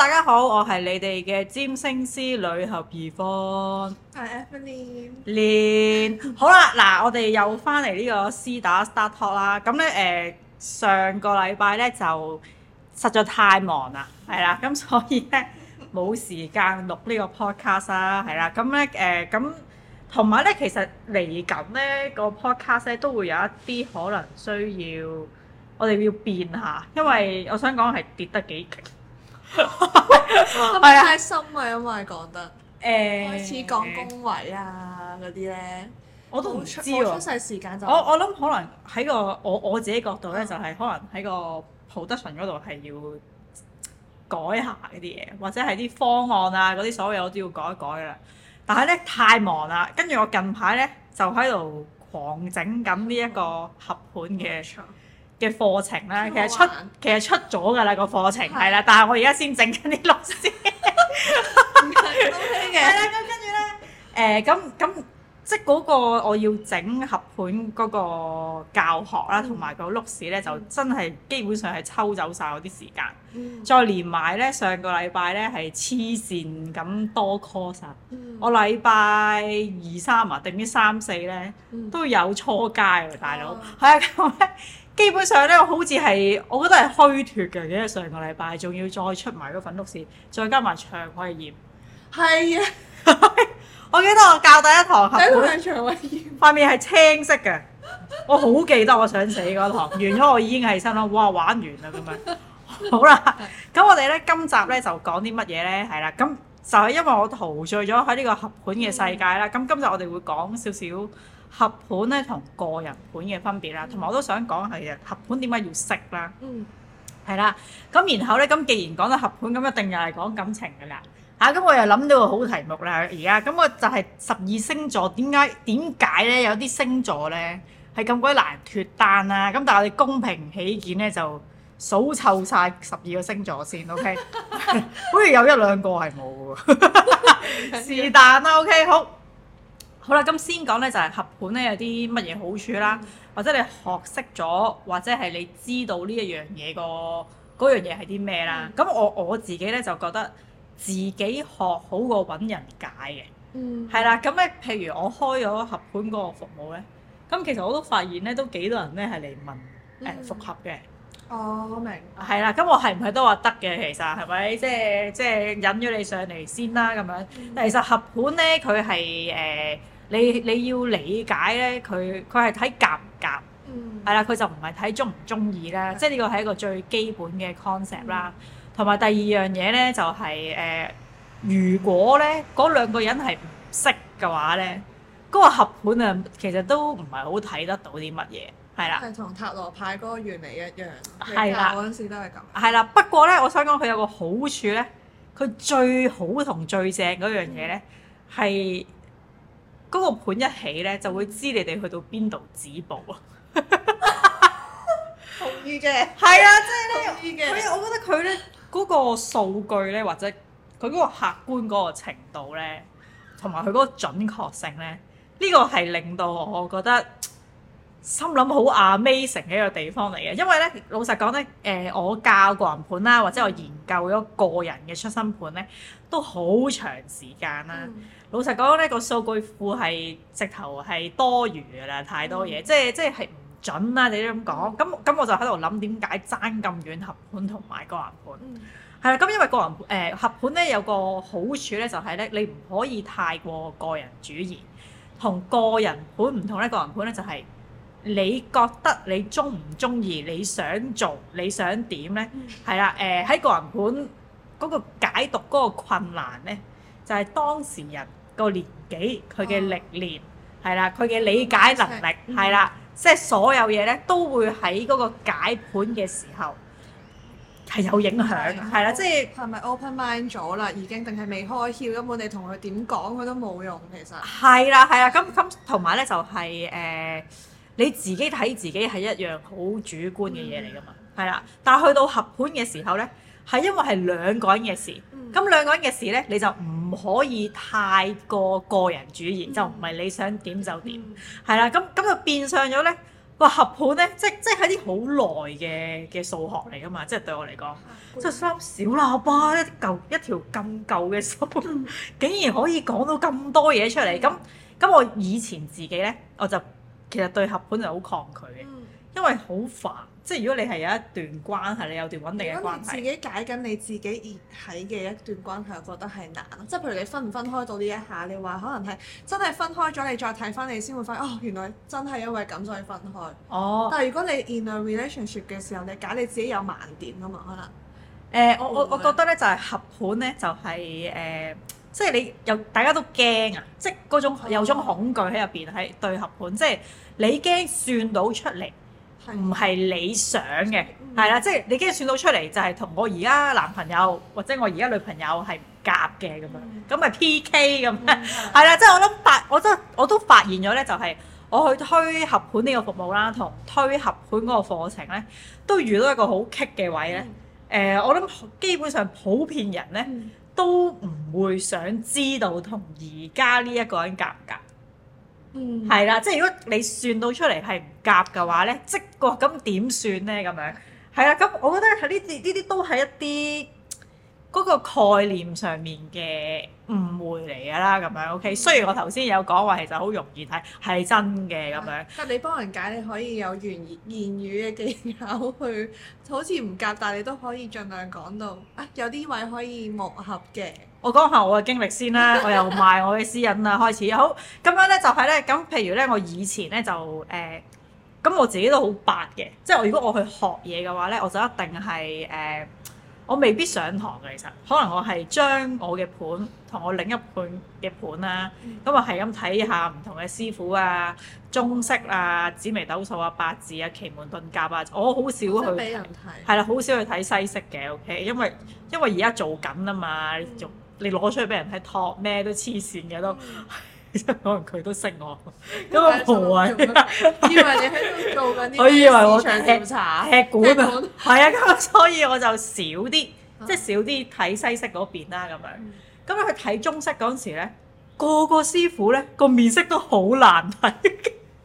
大家好，我係你哋嘅占星師女俠 Yvonne Hi, Anthony.，係 Yvonne。連好啦，嗱，我哋又翻嚟呢個私打 Star Talk 啦。咁咧誒，上個禮拜咧就實在太忙啦，係啦，咁所以咧冇時間錄個呢個 podcast 啦，係、呃、啦，咁咧誒，咁同埋咧，其實嚟緊咧個 podcast 咧都會有一啲可能需要我哋要變下，因為我想講係跌得幾勁。係 啊，深 啊，因為講得誒，欸、開始講恭維啊嗰啲咧，我都唔知喎。我出世時間就我我諗可能喺個我我自己角度咧， 就係可能喺個 production 嗰度係要改下嗰啲嘢，或者係啲方案啊嗰啲所謂我都要改一改噶啦。但係咧太忙啦，跟住我近排咧就喺度狂整緊呢一個合盤嘅嘅課程咧，其實出其實出咗㗎啦個課程，係啦的，但係我而家先整緊啲錄視，唔係 是 OK 嘅。係啦， 跟跟住咧，誒、呃，咁咁，即係嗰個我要整合盤嗰個教學啦，同埋、嗯、個錄視咧，就真係基本上係抽走晒我啲時間。嗯、再連埋咧，上個禮拜咧係黐線咁多 course，嗯、我禮拜二三啊，定啲三四咧、嗯、都有初階啊，大佬係啊，咁咧。基本上咧，好似係，我覺得係虛脱嘅。因為上個禮拜仲要再出埋嗰份毒屎，再加埋腸胃炎，係啊！ 我記得我教第一堂，第一堂係腸胃炎，塊面係青色嘅。 我好記得，我想死嗰 堂完咗，我已經係身諗哇玩完啦咁樣。好啦，咁我哋咧今集咧就講啲乜嘢咧？係啦，咁就係因為我陶醉咗喺呢個合盤嘅世界啦。咁、嗯、今日我哋會講少少。合盤咧同個人盤嘅分別啦，同埋我都想講係合盤點解要識啦，嗯，係啦。咁然後咧，咁既然講到合盤，咁一定又係講感情噶啦。吓，咁我又諗到個好題目啦。而家咁我就係十二星座點解點解咧有啲星座咧係咁鬼難脱單呀。咁但係我哋公平起見咧，就數湊晒十二個星座先，OK？好似有一兩個係冇喎，是但啦，OK，好。好啦，咁先講咧就係、是、合盤咧有啲乜嘢好處啦，嗯、或者你學識咗，或者係你知道呢一樣嘢個嗰樣嘢係啲咩啦。咁、嗯、我我自己咧就覺得自己學好過揾人解嘅，嗯，係啦。咁咧，譬如我開咗合盤個服務咧，咁其實我都發現咧都幾多人咧係嚟問誒複合嘅。哦，我明。係啦，咁我係唔係都話得嘅？其實係咪？即係即係引咗你上嚟先啦咁樣。嗯、但其實合盤咧，佢係誒。呃呃你你要理解咧，佢佢係睇夾唔夾，係啦，佢、嗯、就唔係睇中唔中意咧。嗯、即係呢個係一個最基本嘅 concept 啦。同埋、嗯、第二樣嘢咧，就係、是、誒、呃，如果咧嗰兩個人係唔識嘅話咧，嗰、嗯、個合盤啊，其實都唔係好睇得到啲乜嘢，係啦。係同塔羅牌嗰個原理一樣，你教嗰陣時都係咁。係啦，不過咧，我想講佢有個好處咧，佢最好同最正嗰樣嘢咧係。嗰個盤一起咧，就會知你哋去到邊度止步啊！ 同意嘅，係啊，即係咧，佢，我覺得佢咧嗰個數據咧，或者佢嗰個客觀嗰個程度咧，同埋佢嗰個準確性咧，呢個係令到我覺得心諗好啊 Amazing 嘅一個地方嚟嘅。因為咧，老實講咧，誒、呃，我教個人盤啦，或者我研究咗個人嘅出生盤咧，都好長時間啦。嗯老實講呢、呢個數據庫係直頭係多餘嘅啦，太多嘢、嗯，即係即係係唔準啊！你都咁講，咁咁我就喺度諗點解爭咁遠合盤同埋個人盤？係啦、嗯，咁因為個人誒、呃、合盤咧有個好處咧，就係、是、咧你唔可以太過個人主見，同個人盤唔同咧，個人盤咧就係、是、你覺得你鍾唔鍾意，你想做你想點咧？係啦、嗯，誒喺、呃、個人盤嗰個解讀嗰個困難咧，就係、是、當事人。個年紀佢嘅歷練係啦，佢嘅、啊、理解能力係啦，即係所有嘢咧都會喺嗰個解盤嘅時候係有影響，係啦、嗯，的即係係咪 open mind 咗啦已經，定係未開竅？根本你同佢點講佢都冇用，其實係啦係啦。咁咁同埋咧就係、是、誒、呃、你自己睇自己係一樣好主觀嘅嘢嚟㗎嘛，係啦、嗯。但係去到合盤嘅時候咧，係因為係兩個人嘅事。咁兩個人嘅事咧，你就唔可以太過個人主義，嗯、就唔係你想點就點，係啦、嗯。咁咁就變相咗咧，話合盤咧，即即係啲好耐嘅嘅數學嚟㗎嘛。即、就、係、是、對我嚟講，即係三小喇叭一舊一條咁舊嘅數，舊舊竟然可以講到咁多嘢出嚟。咁咁、嗯、我以前自己咧，我就其實對合盤就好抗拒嘅，嗯、因為好煩。即係如果你係有一段關係，你有段穩定嘅關係，自己解緊你自己熱睇嘅一段關係，我覺得係難。即係譬如你分唔分開到呢一下，你話可能係真係分開咗，你再睇翻你先會發現哦，原來真係因為咁所以分開。哦。但係如果你 in a relationship 嘅時候，你解你自己有盲點啊嘛，可能。誒，我我我覺得咧就係、是、合盤咧就係、是、誒，即、呃、係、就是、你又大家都驚啊，即係嗰種有種恐懼喺入邊，係對合盤，即、就、係、是、你驚算到出嚟。唔係你想嘅，係啦、嗯，即係、就是、你已經算到出嚟，就係同我而家男朋友或者我而家女朋友係唔夾嘅咁樣，咁咪、嗯、PK 咁樣，係啦、嗯，即係、就是、我諗發，我都我都發現咗咧，就係我去推合盤呢個服務啦，同推合盤嗰個課程咧，都遇到一個好棘嘅位咧。誒、嗯呃，我諗基本上普遍人咧、嗯、都唔會想知道同而家呢一個人夾唔夾。嗯，係啦，即係如果你算到出嚟係唔夾嘅話咧，即覺咁點算咧？咁樣係啦，咁我覺得係呢啲呢啲都係一啲嗰個概念上面嘅誤會嚟㗎啦。咁樣 OK，嗯，雖然我頭先有講話其實好容易睇係真嘅咁樣。但你幫人解，你可以有言言語嘅技巧去，好似唔夾，但係你都可以盡量講到啊，有啲位可以磨合嘅。我講下我嘅經歷先啦，我又賣我嘅私隱啦開始，好咁樣咧就係咧咁，譬如咧我以前咧就誒，咁、呃、我自己都好白嘅，即係我如果我去學嘢嘅話咧，我就一定係誒、呃，我未必上堂嘅，其實可能我係將我嘅盤同我另一半嘅盤啦，咁啊係咁睇下唔同嘅師傅啊，中式啊、紫微斗數啊、八字啊、奇門遁甲啊，我好少去睇，係啦，好少去睇西式嘅 OK，因為因為而家做緊啊嘛、mm hmm. 你攞出去俾人睇，托咩都黐線嘅都，可能佢都識我，咁啊唔係，以為你喺度做緊啲我以為我市場調查、踢館啊，係啊咁所以我就少啲，即係少啲睇西式嗰邊啦咁樣。咁啊，去睇中式嗰陣時咧，個個師傅咧個面色都好難睇。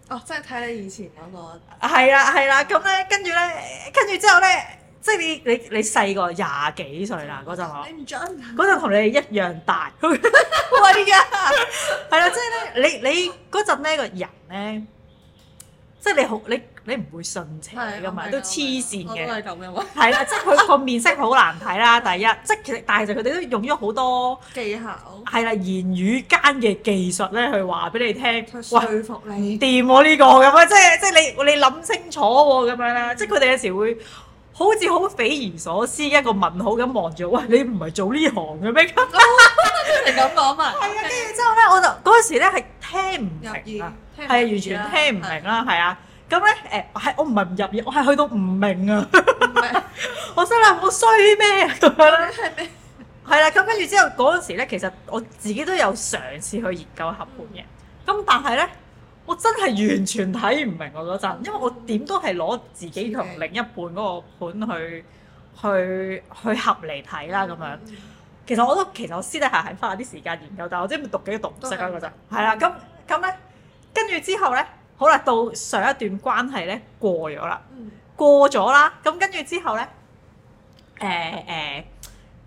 哦，即係睇你以前嗰個係啦係啦，咁咧跟住咧跟住之後咧。即係你，你你細個廿幾歲啦嗰陣，嗰陣同你一樣大，係啊，係啦，即係咧，你你嗰陣咧個人咧，即係你好，你你唔會純情噶嘛，都黐線嘅，都係咁嘅喎，係啦，即係佢個面色好難睇啦。第一，即係其實，但係就佢哋都用咗好多技巧，係啦，言語間嘅技術咧去話俾你聽，說服你掂我呢個咁啊，即係即係你你諗清楚喎咁樣啦，即係佢哋有時會。好似好匪夷所思，一個問號咁望住，喂你唔係做呢行嘅咩？係咁講啊，係、okay. 啊，跟住之後咧，我就嗰陣時咧係聽唔明聽啊，係啊，完全聽唔明啦，係啊的，咁咧誒係我唔係唔入耳，我係去到唔明啊，明 我真係好衰咩？係啦，咁跟住之後嗰陣時咧，其實我自己都有嘗試去研究合盤嘅，咁、嗯、但係咧。我真係完全睇唔明我嗰陣，嗯、因為我點都係攞自己同另一半嗰個盤去、嗯、去去合嚟睇啦咁樣。其實我都其實我私底下係花啲時間研究，但係我即係讀幾個讀都讀唔識啊。嗰陣。係啦、嗯，咁咁咧，跟住之後咧，好啦，到上一段關係咧過咗啦，過咗啦，咁跟住之後咧，誒誒誒。呃呃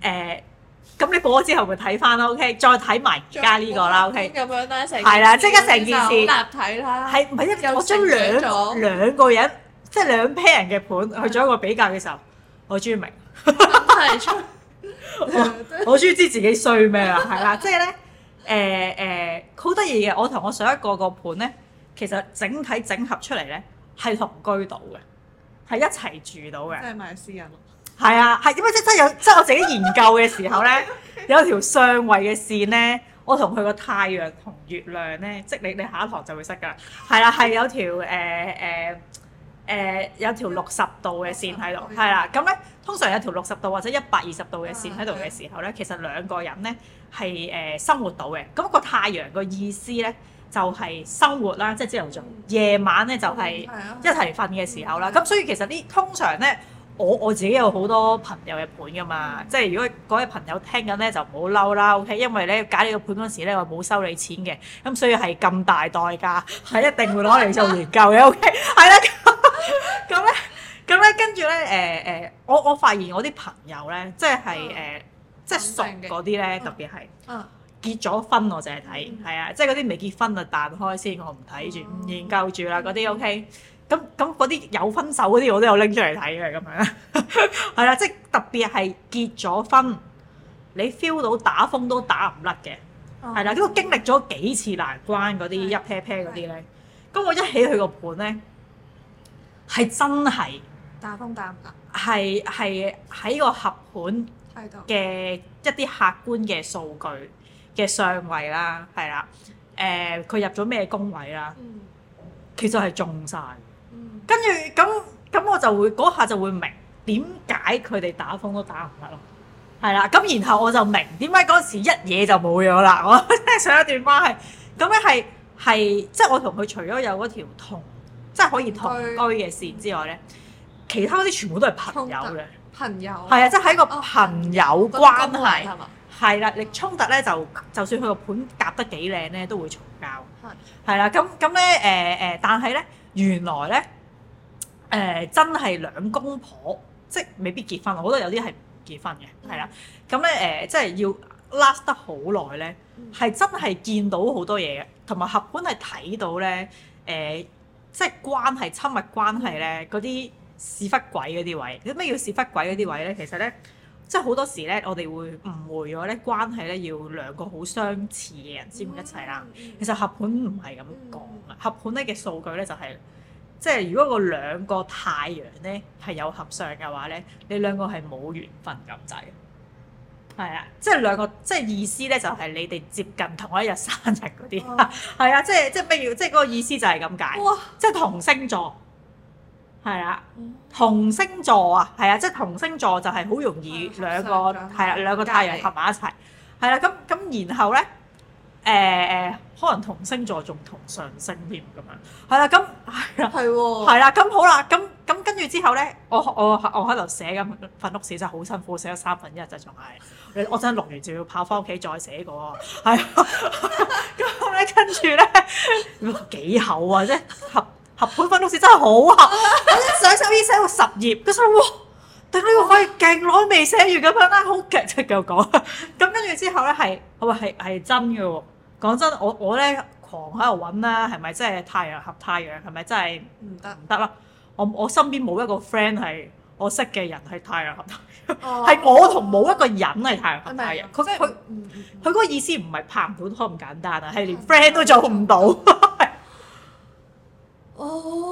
呃咁你播咗之後咪睇翻咯。OK，再睇埋加呢個啦，OK。咁樣啦，成係啦，即係一成件事。立體啦，係唔係一？我將兩兩個人，即係兩 pair 人嘅盤去做一個比較嘅時候，我終於明。係我我終於知自己衰咩啦，係啦，即係咧，誒誒，好得意嘅，我同我上一個個盤咧，其實整體整合出嚟咧係同居到嘅，係一齊住到嘅。即係賣私人。係 啊，係點解？即真有，即我自己研究嘅時候咧， 有條相位嘅線咧，我同佢個太陽同月亮咧，即你你下一堂就會識噶啦。係啦，係、呃呃呃、有條誒誒誒有條六十度嘅線喺度，係啦。咁咧通常有條六十度或者一百二十度嘅線喺度嘅時候咧， 其實兩個人咧係誒生活到嘅。咁、那個太陽個意思咧就係、是、生活啦，即朝頭早夜晚咧就係一齊瞓嘅時候啦。咁所以其實呢，通常咧。我我自己有好多朋友嘅盤㗎嘛，嗯、即係如果嗰位朋友聽緊咧就唔好嬲啦，OK？因為咧解你個盤嗰時咧我冇收你錢嘅，咁所以係咁大代價係 一定會攞嚟做研究嘅，OK？係啦，咁、呃、咧，咁咧跟住咧，誒誒，我我發現我啲朋友咧、就是，即係誒，即係熟嗰啲咧，特別係結咗婚我淨係睇，係、嗯啊，嗯、啊，即係嗰啲未結婚就彈開先，我唔睇住唔研究住啦，嗰啲 OK？咁咁嗰啲有分手嗰啲，我都有拎出嚟睇嘅，咁樣，係啦，即係特別係結咗婚，你 feel 到打風都打唔甩嘅，係啦，咁我經歷咗幾次難關嗰啲一 pair pair 嗰啲咧，咁我一起佢個盤咧，係真係打風打唔甩，係係喺個合盤嘅一啲客觀嘅數據嘅相位啦，係啦，誒佢入咗咩宮位啦，其實係中曬。跟住咁咁我就會嗰下就會明點解佢哋打風都打唔得咯，係啦。咁然後我就明點解嗰時一嘢就冇咗啦。我即係上一段關係，咁樣係係即係我同佢除咗有嗰條同即係、就是、可以同居嘅線之外咧，其他嗰啲全部都係朋友咧。朋友係啊，即係喺個朋友關係係啦，哦。你衝突咧就就算佢款夾得幾靚咧，都會嘈交。係係啦。咁咁咧誒誒，但係咧原來咧。誒、呃、真係兩公婆，嗯、即係未必結婚，好多有啲係唔結婚嘅，係啦。咁咧誒，即係要 last 得好耐咧，係、嗯、真係見到好多嘢嘅，同埋合盤係睇到咧誒、呃，即係關係親密關係咧嗰啲屎忽鬼嗰啲位，咩叫屎忽鬼嗰啲位咧？其實咧，即係好多時咧，我哋會誤會咗咧，關係咧要兩個好相似嘅人先會一齊啦。嗯、其實合盤唔係咁講嘅，嗯、合盤咧嘅數據咧就係、是。即係如果個兩個太陽咧係有合相嘅話咧，你兩個係冇緣分咁滯，係啊！即係兩個即係意思咧，就係你哋接近同一日生日嗰啲，係啊，啊！即係即係，不如即係嗰個意思就係咁解，哇 即係同星座，係啊，同星座啊，係啊，即係同星座就係好容易兩個係啊兩個太陽合埋一齊，係啦是。咁咁、嗯、然後咧？誒誒、呃，可能同星座仲同上升添咁樣，係 啦、啊，咁係啦，係喎、啊，係啦、 啊，咁好啦，咁咁跟住之後咧，我我我喺度寫緊，份屋時真係好辛苦，寫咗三分一日就仲、是、係，我真係錄完就要跑翻屋企再寫個，係， 咁咧跟住咧幾厚啊，即係合合本份屋時真係好厚，我一上手已寫到十頁，佢想哇，對你個可以勁耐未寫完咁樣啦，好勁嘅佢講，咁跟住之後咧係，我話係係真嘅喎。講真，我我咧狂喺度揾啦，係咪真係太陽合太陽？係咪真係唔得唔得咯？行我我身邊冇一個 friend 係我識嘅人係太陽合太陽，係、oh. 我同冇一個人係太陽合太陽。佢佢佢嗰個意思唔係拍唔到拖咁簡單啊，係連 friend 都做唔到。哦 Oh.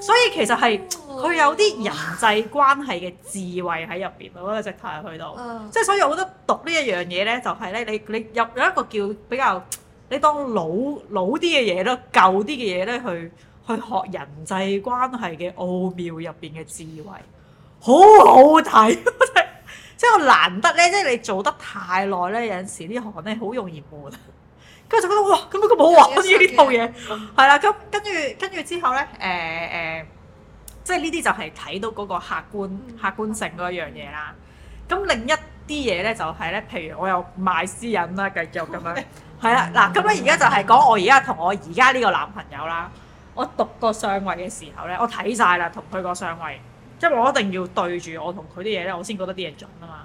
所以其實係佢有啲人際關係嘅智慧喺入邊，我覺得直頭去到，即係所以我覺得讀呢一樣嘢咧，就係、是、咧，你你入咗一個叫比較，你當老老啲嘅嘢咯，舊啲嘅嘢咧去去學人際關係嘅奧妙入邊嘅智慧，好好睇， 即係難得咧，即係你做得太耐咧，有陣時呢行咧好容易悶，跟住就覺得哇，咁樣咁好玩呢套嘢，係啦、嗯，咁、嗯、跟住跟住之後咧，誒、呃、誒。呃即係呢啲就係睇到嗰個客觀 客觀性嗰一樣嘢啦。咁另一啲嘢咧就係、是、咧，譬如我又賣私隱 啦，繼續咁樣。係啊，嗱，咁樣而家就係講我而家同我而家呢個男朋友啦。我讀個相位嘅時候咧，我睇晒啦，同佢個相位，因、就、為、是、我一定要對住我同佢啲嘢咧，我先覺得啲嘢準啊嘛。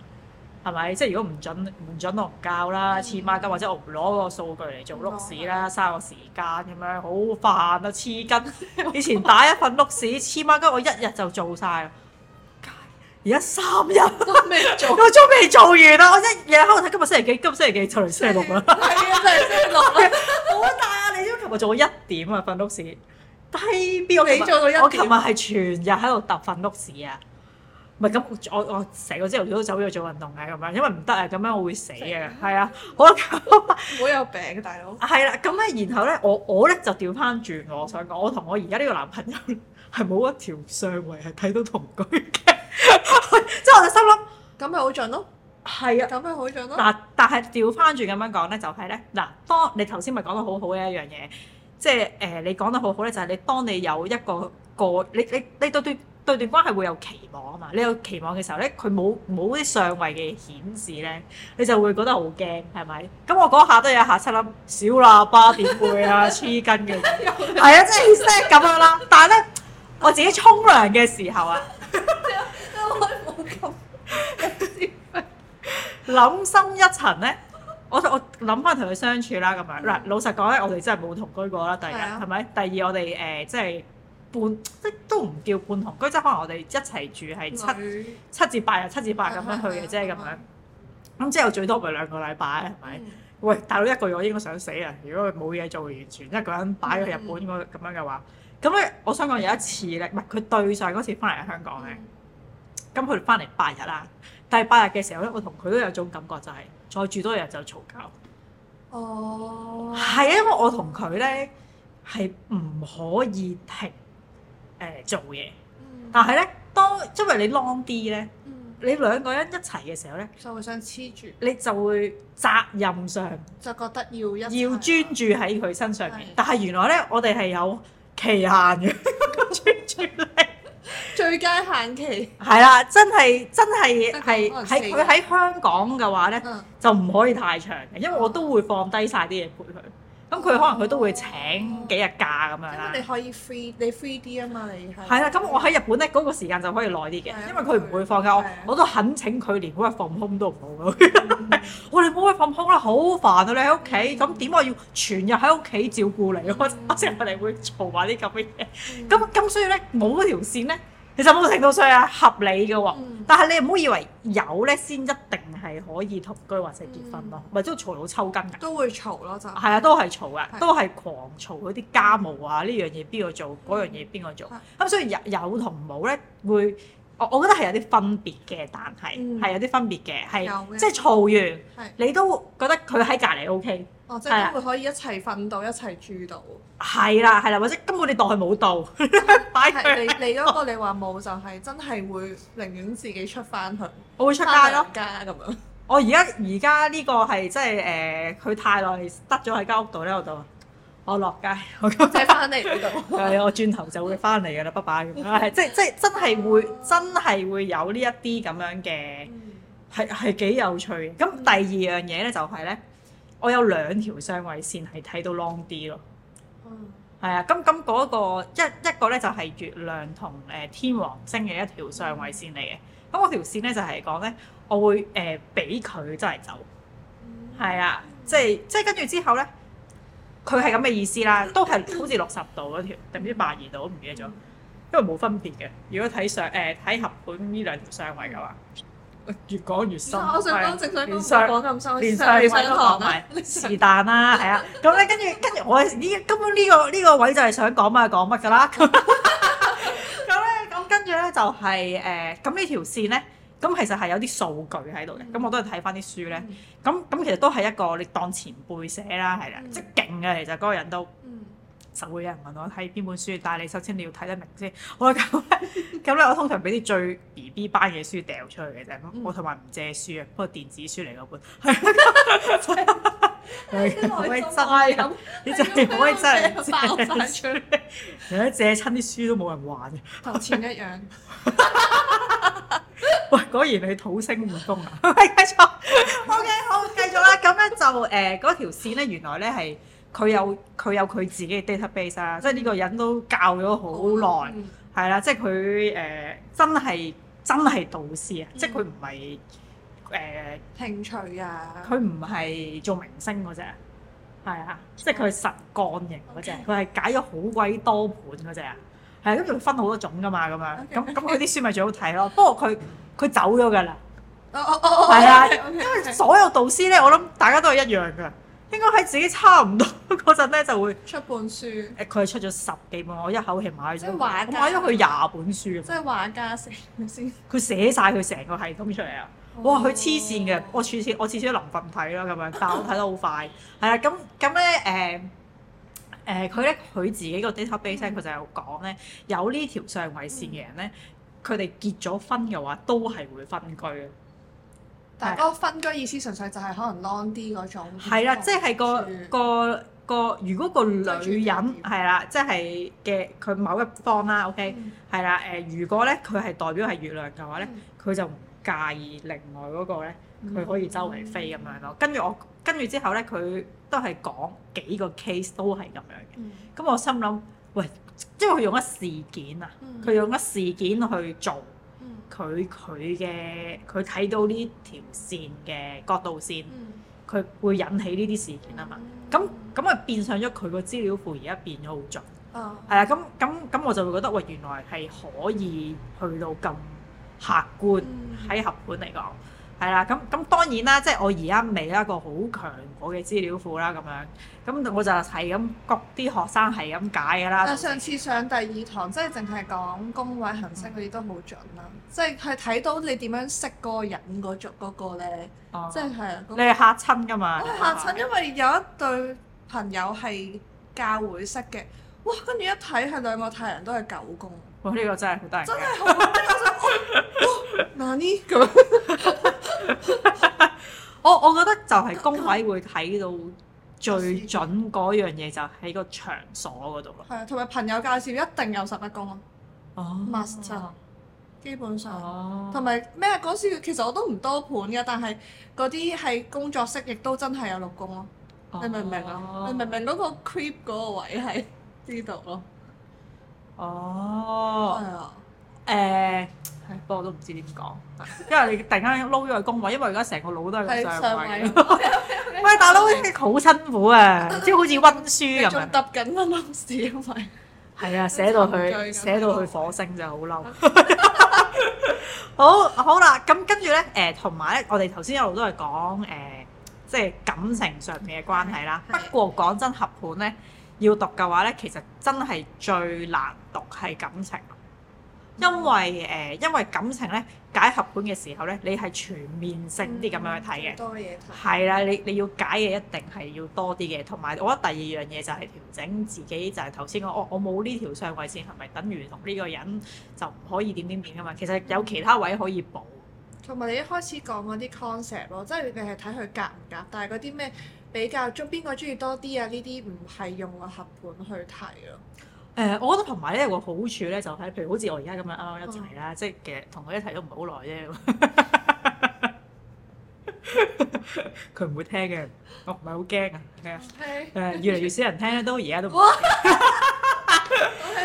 係咪？即係如果唔準唔準，我唔教啦。黐孖筋，或者我唔攞個數據嚟做碌屎啦，嘥我、啊、時間咁樣，好煩啊！黐筋。 以前打一份碌屎黐孖筋， 我一日就做曬。而家三日都未做，我仲未做完啊！我一日喺度睇今日星，星期幾，今日星期幾，出嚟星期六啊！係 啊，你真係星期六。 好大啊！你都琴日做到一點啊，瞓碌屎。但係邊個幾做到一？ 我琴日係全日喺度揼瞓碌屎啊！唔係咁，我我成個朝頭早都走咗去做運動嘅咁樣，因為唔得啊，咁樣我會死嘅，係啊，好有病嘅大佬。係啦，咁咧，然後咧，我我咧就調翻轉，我想講，我同我而家呢個男朋友係冇一條相位係睇到同居嘅，即係我就心諗，咁咪好盡咯。係啊，咁咪好盡咯。嗱，但係調翻轉咁樣講咧，就係咧，嗱，當你頭先咪講得好好嘅一樣嘢，即係誒，你講得好好咧，就係你當你有一個個你你你對對。對段關係會有期望啊嘛，你有期望嘅時候咧，佢冇冇啲上位嘅顯示咧，你就會覺得好驚，係咪？咁我嗰下都有下七，七粒小喇叭、點背啊、黐筋嘅，係啊、 哎，即係 h e a t 咁樣啦。但係咧，我自己沖涼嘅時候啊，冇咁？ 諗 深一層咧，我我諗翻同佢相處啦，咁樣嗱，老實講咧，我哋真係冇同居過啦，第一係咪？第二我哋誒、呃、即係。半即都唔叫半同居，即可能我哋一齊住係七七至八日、七至八日咁樣去嘅啫，咁樣咁之後最多咪兩個禮拜係咪？喂，大佬一個月我應該想死啊！如果佢冇嘢做，完全一個人擺喺日本嗰咁樣嘅話，咁咧我想講有一次咧，唔係佢對上嗰次翻嚟喺香港嘅，咁佢翻嚟八日啦。但係八日嘅時候咧，我同佢都有種感覺，就係再住多一日就嘈交。哦，係啊，因為我同佢咧係唔可以停。誒做嘢，但係咧，當因為你 long 啲咧，嗯、你兩個人一齊嘅時候咧，就會想黐住，你就會責任上就覺得要一要專注喺佢身上面。對但係原來咧，我哋係有期限嘅， 專注來 最佳限期係啦，真係真係係喺佢喺香港嘅話咧，嗯、就唔可以太長嘅，因為我都會放低晒啲嘢陪佢。咁佢、嗯、可能佢都會請幾日假咁、嗯、樣啦。因為你可以 free 你 free 啲啊嘛，你係。係啊，咁我喺日本咧嗰、那個時間就可以耐啲嘅，的因為佢唔會放假。的我，我都肯請懇請佢連嗰日放空都唔好。嗯、 我哋冇得放空啦，好煩啊！你喺屋企咁點我要全日喺屋企照顧你？嗯、我我成日嚟會嘈埋啲咁嘅嘢。咁咁、嗯、 所以咧冇嗰條線咧。其實某程度上係合理嘅喎、哦，嗯、但係你唔好以為有咧先一定係可以同居或者結婚咯，咪都嘈到抽筋嘅。都會嘈咯，就係啊，是都係嘈啊，都係狂嘈嗰啲家務啊，呢樣嘢邊個做，嗰、嗯、樣嘢邊個做，咁是所以有有同冇咧會，我我覺得係有啲分別嘅，但係係、嗯、有啲分別嘅，係即係嘈完，嗯、你都覺得佢喺隔離 OK。即係根本可以一齊瞓到，一齊住到。係啦，係啦，或者根本你當佢冇到。擺脫。你你嗰個你話冇就係真係會寧願自己出翻去。我會出街咯。出街咁樣。我而家而家呢個係即係誒，佢太耐得咗喺間屋度咧，我就我落街。我翻嚟度。我轉頭就會翻嚟噶啦，不擺。係，即係即係真係會，真係會有呢一啲咁樣嘅，係係幾有趣。咁第二樣嘢咧就係咧。我有兩條相位線係睇到 long 啲咯。嗯，係啊，咁咁嗰個一一個咧就係月亮同誒天王星嘅一條相位線嚟嘅，咁我條線咧就係講咧，我會誒俾佢真係走，係啊、嗯，即係即係跟住之後咧，佢係咁嘅意思啦，都係好似六十度嗰條定唔知百二度，我唔記得咗，因為冇分別嘅，如果睇相誒睇、呃、合盤呢兩條相位嘅話。越講越深，我想講，正想講，講咁深，連上連上堂啊，是但啦，係啊，咁咧跟住，跟住我呢，根本呢、呢個呢、呢個位就係想講乜就講乜㗎啦。咁咧，咁跟住咧就係、是、誒，咁、呃、呢條線咧，咁其實係有啲數據喺度嘅。咁、嗯、我都係睇翻啲書咧，咁咁、嗯、其實都係一個你當前輩寫啦，係啦，嗯、即係勁嘅，其實嗰個人都。就會有人問我睇邊本書，但係你首先你要睇得明先。我咁咧，咁咧，我通常俾啲最 B B 班嘅書掉出去嘅啫。我同埋唔借書啊，不過電子書嚟嗰本。係，唔該咁，你真係唔該曬。有啲借親啲書都冇人還啊，同錢一樣。喂，果然係土星唔公啊！繼續。O K，好，繼續啦。咁咧就誒嗰條線咧，原來咧係。佢有佢有佢自己嘅 database 啊，即係呢個人都教咗好耐，係啦、oh.，即係佢誒真係真係導師。嗯呃、啊，即係佢唔係誒興趣啊，佢唔係做明星嗰隻，係啊，即係佢係實幹型嗰隻，佢係 Okay. 解咗好鬼多盤嗰隻啊，係啊，因為佢分好多種㗎嘛，咁啊 Okay, okay.，咁咁佢啲書咪最好睇咯。不過佢佢走咗㗎啦，係啊，因為所有導師咧，我諗大家都係一樣㗎。應該喺自己差唔多嗰陣咧，就會出本書。誒、呃，佢係出咗十幾本，我一口氣買咗。即係買咗佢廿本書。即係畫家寫，佢 寫晒佢成個系統出嚟啊！哦、哇，佢黐線嘅，我次次我次次都臨瞓睇啦，咁樣，但我睇得好快。係啊， 咁咁咧誒誒，佢咧佢自己個 database 佢、嗯、就有講咧，有呢條上位線嘅人咧，佢哋、嗯、結咗婚嘅話，都係會分居。但係嗰個分居意思純粹就係可能 long 啲嗰種，係啦，即、就、係、是、個主個個如果個女人係啦，即係嘅佢某一方啦，OK，係啦、嗯，誒，如果咧佢係代表係月亮嘅話咧，佢、嗯、就唔介意另外嗰、那個咧佢可以周圍飛咁、嗯、樣咯。跟住我跟住之後咧，佢都係講幾個 case 都係咁樣嘅。咁、嗯、我心諗，喂，即係佢用咗事件啊，佢、嗯、用咗事件去做。佢佢嘅佢睇到呢條線嘅角度線，佢、嗯、會引起呢啲事件啊嘛。咁咁啊變相咗佢個資料庫而家變咗好準，係啊、哦。咁咁咁我就會覺得喂，原來係可以去到咁客觀喺、嗯、合盤嚟講。係啦，咁咁當然啦，即係我而家未一個好強我嘅資料庫啦，咁樣，咁我就係咁焗啲學生係咁解㗎啦。但上次上第二堂，即係淨係講宮位行星嗰啲都冇準啦，即係睇到你點樣識嗰人嗰種嗰個咧，即係係你係嚇親㗎嘛？我係嚇親，因為有一對朋友係教會識嘅，哇！跟住一睇係兩個太陽都係九宮。哇！呢個真係好得意。真係好哇，嗱呢咁。 我我覺得就係工位會睇到最準嗰樣嘢就喺個場所嗰度咯。係啊，同 埋樂朋友介紹一定有十一宮咯，must 基本上。哦。同埋咩？嗰時其實我都唔多盤嘅，但係嗰啲係工作室亦都真係有六宮咯。哦、你明唔明啊？哦、你明唔明嗰個 creep 嗰個位係呢度咯？哦。係啊。誒。 哎不過都唔知點講，因為你突然間撈咗個工位，因為而家成個腦都係上，上位。喂， 大佬好辛苦啊， 即係好似溫書咁樣。揼緊個老師啊咪？係啊，寫到佢寫到去火星就好嬲。 嗯、 好，好啦，咁跟住咧，誒同埋咧，我哋頭先一路都係講誒，即係感情上面嘅關係啦。 不過講真，合盤咧要讀嘅話咧，其實真係最難讀係感情。因為誒，因為感情咧，解合盤嘅時候咧，你係全面性啲咁樣去睇嘅。嗯、多嘢睇。係啦，你你要解嘅一定係要多啲嘅。同埋我覺得第二樣嘢就係調整自己就，就係頭先講我我冇呢條上位線，係咪等於同呢個人就唔可以點點點㗎嘛？嗯、其實有其他位可以補。同埋你一開始講嗰啲 concept 咯，即係你係睇佢夾唔夾，但係嗰啲咩比較中邊個中意多啲啊？呢啲唔係用個合盤去睇咯。誒、呃，我覺得同埋咧有個好處咧，就係譬如好似我而家咁樣啱啱一齊啦，哇即係其實同佢一齊都唔係好耐啫。佢唔會聽嘅，我唔係好驚啊。係啊 Okay.、呃，誒越嚟越少人聽咧，都而家都聽講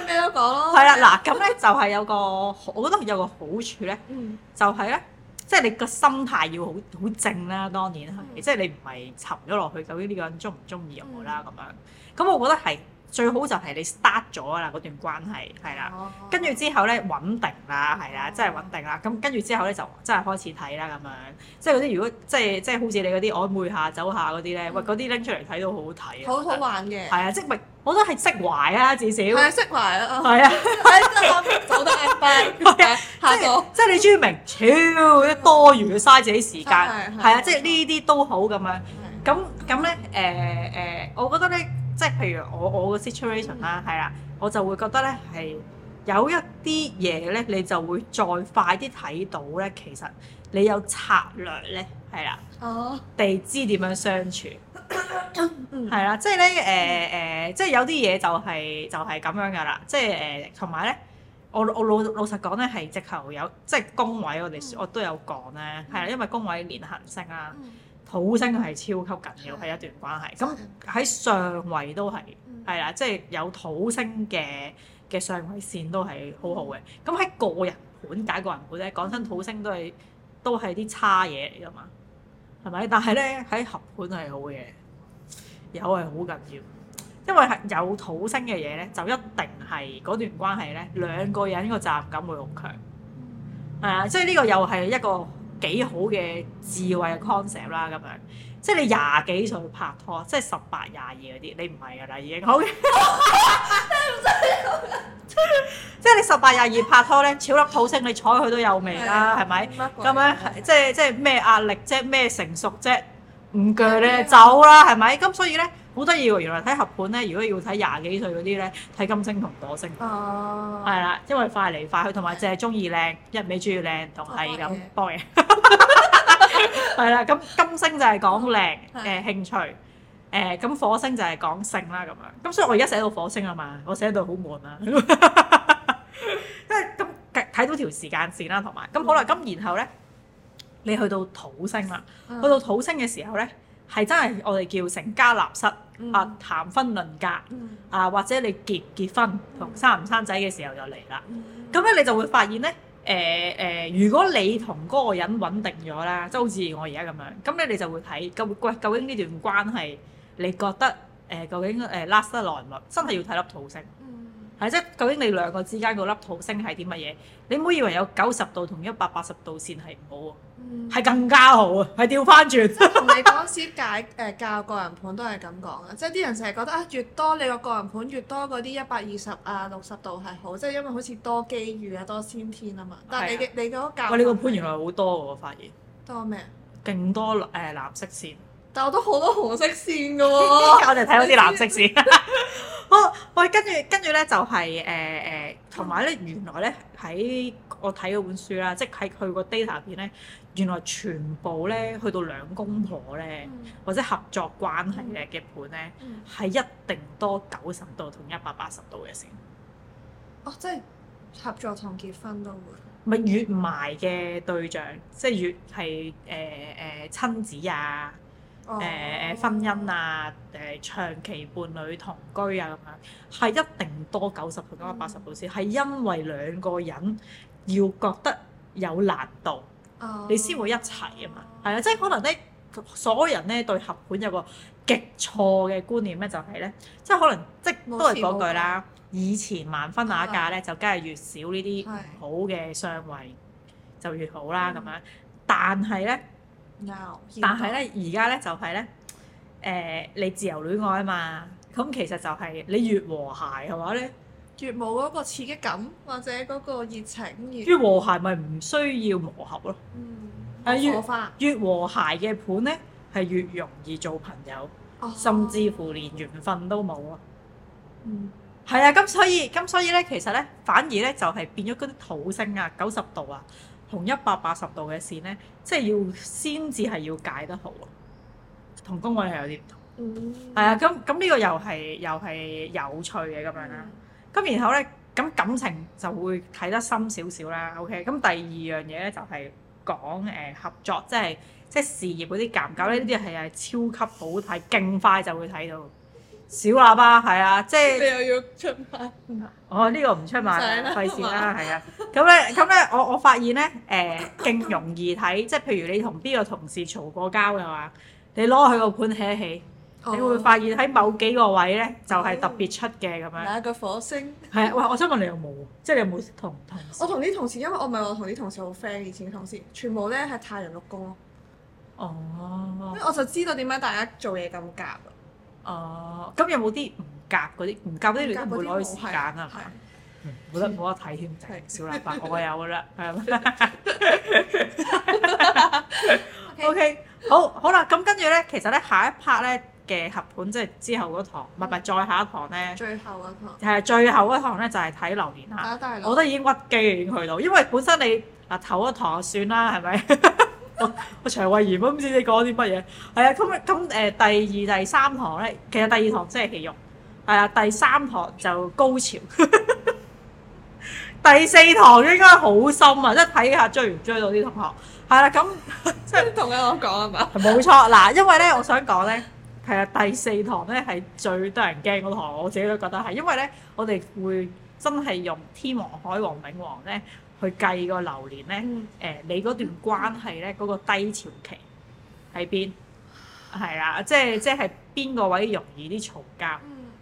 咩都講咯。係啦， 嗱咁咧就係有個，我覺得有個好處咧， 就係咧，即係你個心態要好好正啦。當然即係、嗯、你唔係沉咗落去究竟呢個人中唔中意我啦咁樣。咁、嗯、我覺得係。最好就係你 start 咗啦，嗰段關係係啦，跟住之後咧穩定啦，係啦，真係穩定啦。咁跟住之後咧就真係開始睇啦，咁樣即係嗰啲如果即係即係好似你嗰啲曖昧下走下嗰啲咧，喂嗰啲拎出嚟睇都好好睇，好好玩嘅。係啊，即係咪？我覺得係釋懷啊，至少係釋懷啊。係啊，喺得下做得 MB 下咗，即係你專一明超，多餘嘅嘥自己時間。係啊，即係呢啲都好咁樣。咁咁咧，誒誒，我覺得咧。即係譬如我我個 situation 啦，係啦、嗯，我就會覺得咧係有一啲嘢咧，你就會再快啲睇到咧。其實你有策略咧，係啦，哦、地知點樣相處，係啦、嗯。即係咧誒誒，即係有啲嘢就係、是、就係、是、咁樣噶啦。即係誒，同埋咧，我我老老實講咧，係直頭有即係宮位我，我哋我都有講咧，係啦、嗯，因為宮位連行星啊。嗯土星係超級緊要，係一段關係。咁喺上位都係，係啦，即係有土星嘅嘅上位線都係好好嘅。咁喺個人盤解個人盤咧，講親土星都係都係啲差嘢嚟㗎嘛，係咪？但係咧喺合盤係好嘅，有係好緊要，因為係有土星嘅嘢咧，就一定係嗰段關係咧，兩個人個責任感會好強。係啊，即係呢個又係一個。幾好嘅智慧嘅 concept 啦，咁樣即係你廿幾歲拍拖，即係十八廿二嗰啲，你唔係噶啦，已經好。即係你十八廿二拍拖咧，小粒土星，你睬佢都有味啦，係咪 吧？咁、嗯、樣即係即係咩壓力啫？咩成熟啫？唔攰咧， 走啦，係咪？咁所以咧。好得意喎！原來睇合盤咧，如果要睇廿幾歲嗰啲咧，睇金星同火星。哦。係啦，因為快嚟快去，同埋淨係中意靚，一味中意靚同係咁幫人。係啦，咁金星就係講靚嘅、oh, 嗯欸、興趣。誒、呃，咁火星就係講性啦咁樣。咁所以我而家寫到火星啊嘛，我寫到好悶啊。因為咁睇到條時間線啦，同埋咁好啦。咁然後咧，你去到土星啦，去到土星嘅時候咧。 係真係我哋叫成家立室啊，談婚論嫁啊，或者你結結婚同生唔生仔嘅時候又嚟啦。咁咧、嗯、你就會發現咧，誒、呃、誒、呃，如果你同嗰個人穩定咗啦，即係好似我而家咁樣，咁咧你就會睇，究竟呢段關係你覺得誒、呃、究竟誒 last 得耐唔耐，真係要睇粒土星。係啫，究竟你兩個之間個粒土星係啲乜嘢？你唔好以為有九十度同一百八十度線係唔好喎，係、嗯、更加好啊，係調翻轉。同、嗯、 你嗰時解誒、呃、教個人盤都係咁講啊，即係啲人成日覺得啊越多你個個人盤越多嗰啲一百二十啊六十度係好，即係因為好似多機遇啊多先天啊嘛。但係你嘅、啊、你教個教，喂你個盤原來好多嘅喎，我發現多咩？勁多誒、呃、藍色線。但我都好多紅色線嘅喎，我哋睇到啲藍色線 好。哦，喂，跟住跟住咧就係誒誒，同埋咧原來咧喺我睇嗰本書啦，嗯、即係喺佢個 data 入邊咧，原來全部咧去到兩公婆咧，嗯、或者合作關係嘅嘅盤咧，係、嗯、一定多九十度同一百八十度嘅線。哦，即係合作同結婚都會，咪、嗯、越埋嘅對象，即係越係誒誒親子啊。誒誒婚姻啊，誒長期伴侶同居啊，咁樣係一定多九十步，咁啊八十步先係因為兩個人要覺得有難度，你先會一齊啊嘛。係啊，即係可能咧，所有人咧對合盤有個極錯嘅觀念咧，就係咧，即係可能即都係嗰句啦。以前盲婚啞嫁咧，就梗係越少呢啲唔好嘅相位就越好啦，咁樣。但係咧。但係咧，而家咧就係咧，誒，你自由戀愛啊嘛，咁其實就係你越和諧嘅話咧，越冇嗰個刺激感或者嗰個熱情。越和諧咪唔需要磨合咯。嗯。火花。越和諧嘅盤咧，係越容易做朋友，甚至乎連緣分都冇啊。嗯。係啊，咁所以咁所以咧，其實咧，反而咧就係變咗嗰啲土星啊，九十度啊。同一百八十度嘅線呢，即係要先至係要解得好、嗯、啊，同公位係有啲唔同。嗯，係啊，咁咁呢個又係又係有趣嘅咁樣啦。咁然後呢，咁感情就會睇得深少少啦。OK，咁第二樣嘢呢，就係講誒合作，即係即係事業嗰啲夾唔夾呢，呢啲係係超級好睇，勁快就會睇到。小喇叭係啊，即係你又要出賣？哦，呢、這個唔出賣，費事啦，係話吧啊。咁咧、啊，咁 咧，我我發現咧，誒、呃，勁容易睇。即係譬如你同邊個同事嘈過交嘅話，你攞佢個盤起一齊，oh. 你會發現喺某幾個位咧，就係特別出嘅咁樣。係啊，個火星係啊。喂，我想問你有冇？即係你有冇同同事？我同啲同事，因為我唔係話同啲同事好 friend，以前嘅同事全部咧係太陽六宮咯。哦。Oh. 我就知道點解大家做嘢咁夾。哦，咁有冇啲唔夾嗰啲唔夾嗰啲你都唔會攞去時間啊？係咪？冇得冇得睇添。就係，小喇叭我有啦，係啦。OK，好，好啦，咁跟住咧，其實咧，下一 part 咧嘅合盤，即係之後嗰堂，唔係再下一堂咧。最後一堂係，最後一堂咧，就係睇流年吓。打大樓，我都已經屈機佢到，因為本身你嗱頭一堂算啦，係咪？我我腸胃炎，我唔知你講啲乜嘢。係啊，咁啊咁誒，第二、第三堂咧，其實第二堂真係戲肉，係啊，第三堂就高潮。第四堂應該好深啊，即係睇下追唔追到啲同學。係啦，咁即係唔同嘅我講啊嘛。冇錯，嗱，因為咧，我想講咧，其實第四堂咧係最得人驚嗰堂，我自己都覺得係，因為咧，我哋會真係用天王、海王、冥王咧。去計個流年咧，誒、呃，你嗰段關係咧，嗰、嗰個低潮期喺邊？係啊，即係即係邊個位容易啲嘈交？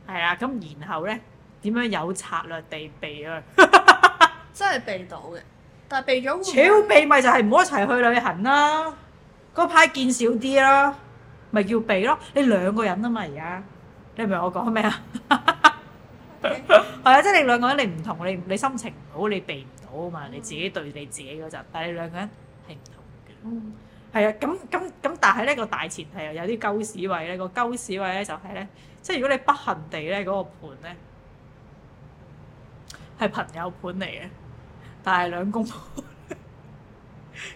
係啊，咁然後咧點樣有策略地避啊？ 真係避到嘅，但係避咗超避咪就係唔好一齊去旅行啦、啊，個派見少啲啦、啊，咪叫避咯。你兩個人啊嘛，而家你明我講咩啊？係啊，即係、就是、你兩個人，你唔同，你你心情唔好，你避。好啊嘛， 你自己對你自己嗰陣，但係你兩個人係唔同嘅。嗯，係啊，咁咁咁，但係呢個大前提有啲鳩屎位咧，個鳩屎位咧就係、是、咧，即係如果你不幸地咧嗰個盤咧係朋友盤嚟嘅，但係兩公婆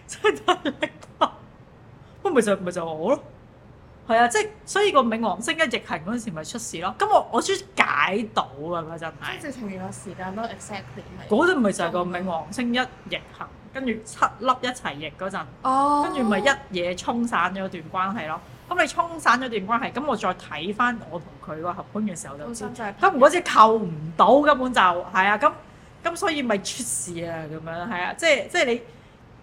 真係太叻啦，咪、啊、就咪、是、就我咯。係啊，即係所以個冥王星一逆行嗰陣時，咪出事咯。咁我我先解到㗎嘛，真係。即係停留時間都 exactly。嗰陣唔係就係個冥王星一逆行，跟住七粒一齊逆嗰陣，跟住咪一嘢沖散咗段關係咯。咁你沖散咗段關係，咁我再睇翻我同佢個合盤嘅時候就知，咁嗰隻扣唔到根本就係啊，咁咁所以咪出事啊，咁樣係啊，即係即係你。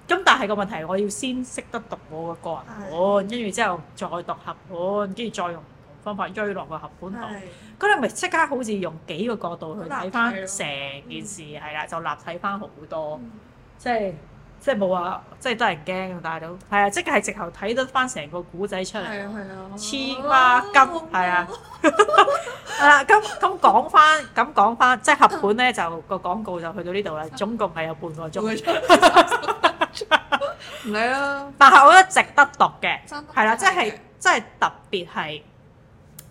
咁但係個問題，我要先識得讀我嘅個人盤，跟住之後再讀合盤，跟住再用唔同方法追落個合盤度。咁你咪即刻好似用幾個角度去睇翻成件事係啦，就立體翻好多。即係即係冇話即係得人驚咁大佬，係啊！即係係直頭睇得翻成個古仔出嚟。係啊係啊，黐孖筋係啊。啊咁咁講翻咁講翻，即係合盤咧就個廣告就去到呢度啦。總共係有半個鐘。唔理啦， 但係我覺得值得讀嘅，係啦，即係即係特別係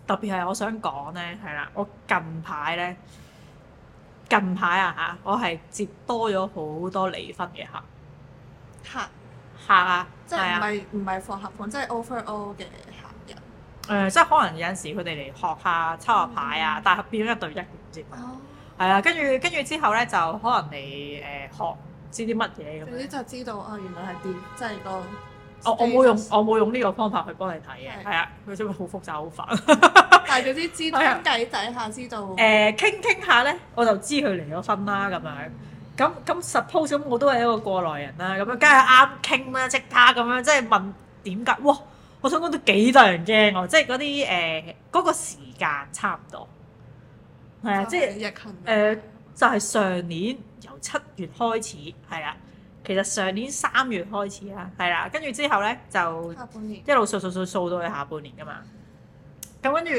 特別係，我想講咧，係啦，我近排咧近排啊吓，我係接多咗好多離婚嘅客客客啊，即係唔係唔係復合款，即係 overall 嘅客人，誒，即係可能有陣時佢哋嚟學下抽下牌啊，嗯、但係變咗一對一嘅、哦、接，係啊，跟住跟住之後咧就可能嚟誒、呃、學。知啲乜嘢咁？嗰啲就知道啊，原來係點？即係個我、嗯、我冇用我冇用呢個方法去幫你睇嘅，係啊的，佢先會好複雜好煩。 但係總之知傾偈底下知道。誒、呃，傾傾下咧，我就知佢離咗婚啦咁樣。咁咁、嗯、suppose 咁我都係一個過來人啦。咁樣梗係啱傾啦，即刻咁樣即係問點解？哇！我想講都幾多人驚我、哦，即係嗰啲誒嗰個時間差唔多。係啊，即係日勤誒。呃就係上年由七月開始，係啦。其實上年三月開始啊，係啦。跟住之後咧，就數數數數數數下半年，一路掃掃掃掃到去下半年噶嘛。咁跟住，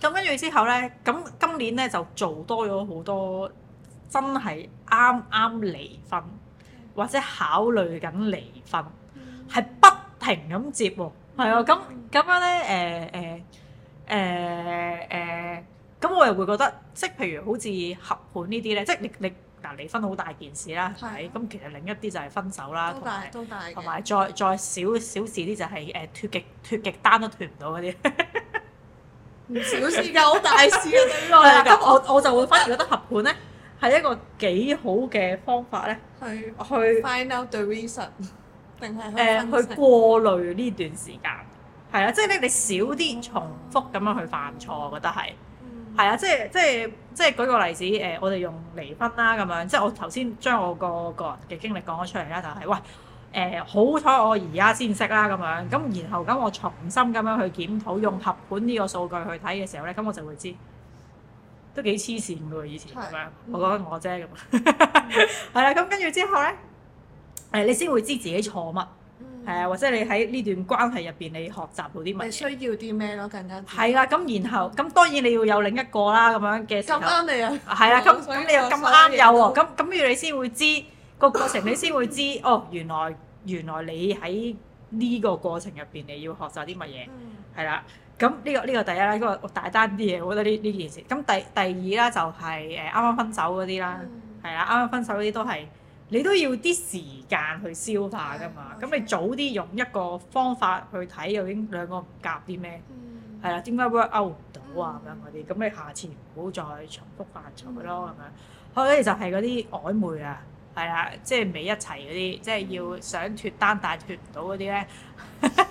咁跟住之後咧，咁今年咧就做多咗好多，真係啱啱離婚、嗯、或者考慮緊離婚，係、嗯、不停咁接喎。係啊，咁咁樣咧，誒誒誒誒。咁我又會覺得，即係譬如好似合盤呢啲咧，即係你你嗱離婚好大件事啦，咁其實另一啲就係分手啦，同埋再再少小事啲就係誒脱極脱極單都脱唔到嗰啲，唔小事有好大事啊！咁我我就會反而覺得合盤咧係一個幾好嘅方法咧，去去 find out the reason，定係誒去過濾呢段時間，係啦，即係咧你少啲重複咁樣去犯錯，我覺得係。係啊，即係即係即係舉個例子誒、呃，我哋用離婚啦咁樣，即係我頭先將我個個人嘅經歷講咗出嚟啦，就係喂誒好彩我而家先識啦咁樣，咁然後咁我重新咁樣去檢討，用合盤呢個數據去睇嘅時候咧，咁我就會知都幾黐線嘅喎，以前咁樣，我覺得我啫咁，係啦、 嗯，咁、嗯、 跟住之後咧誒你先會知自己錯乜。係啊，或者你喺呢段關係入邊，你學習到啲乜嘢。你需要啲咩咯？更加係啦，咁、啊、然後咁當然你要有另一個啦，咁樣嘅時候。啱你啊！係啦、啊，咁咁你又咁啱有喎，咁咁要你先會知 個過程，你先會知哦，原來原來你喺呢個過程入邊，你要學習啲乜嘢係啦。咁呢、嗯啊呢個呢、呢個第一啦，因為大單啲嘢，我覺得呢呢件事。咁第第二啦，就係誒啱啱分手嗰啲啦，係、嗯、啊，啱啱分手嗰啲都係。你都要啲時間去消化㗎嘛，咁 Yeah, okay. 你早啲用一個方法去睇究竟兩個夾啲咩，係啦、mm.，點解 work out 唔到啊咁樣啲，咁、mm. 你下次唔好再重複犯錯咯咁樣，後尾、mm. 就係嗰啲曖昧啊，係啦，即係未一齊嗰啲，mm. 即係要想脫單但係脫唔到嗰啲咧，係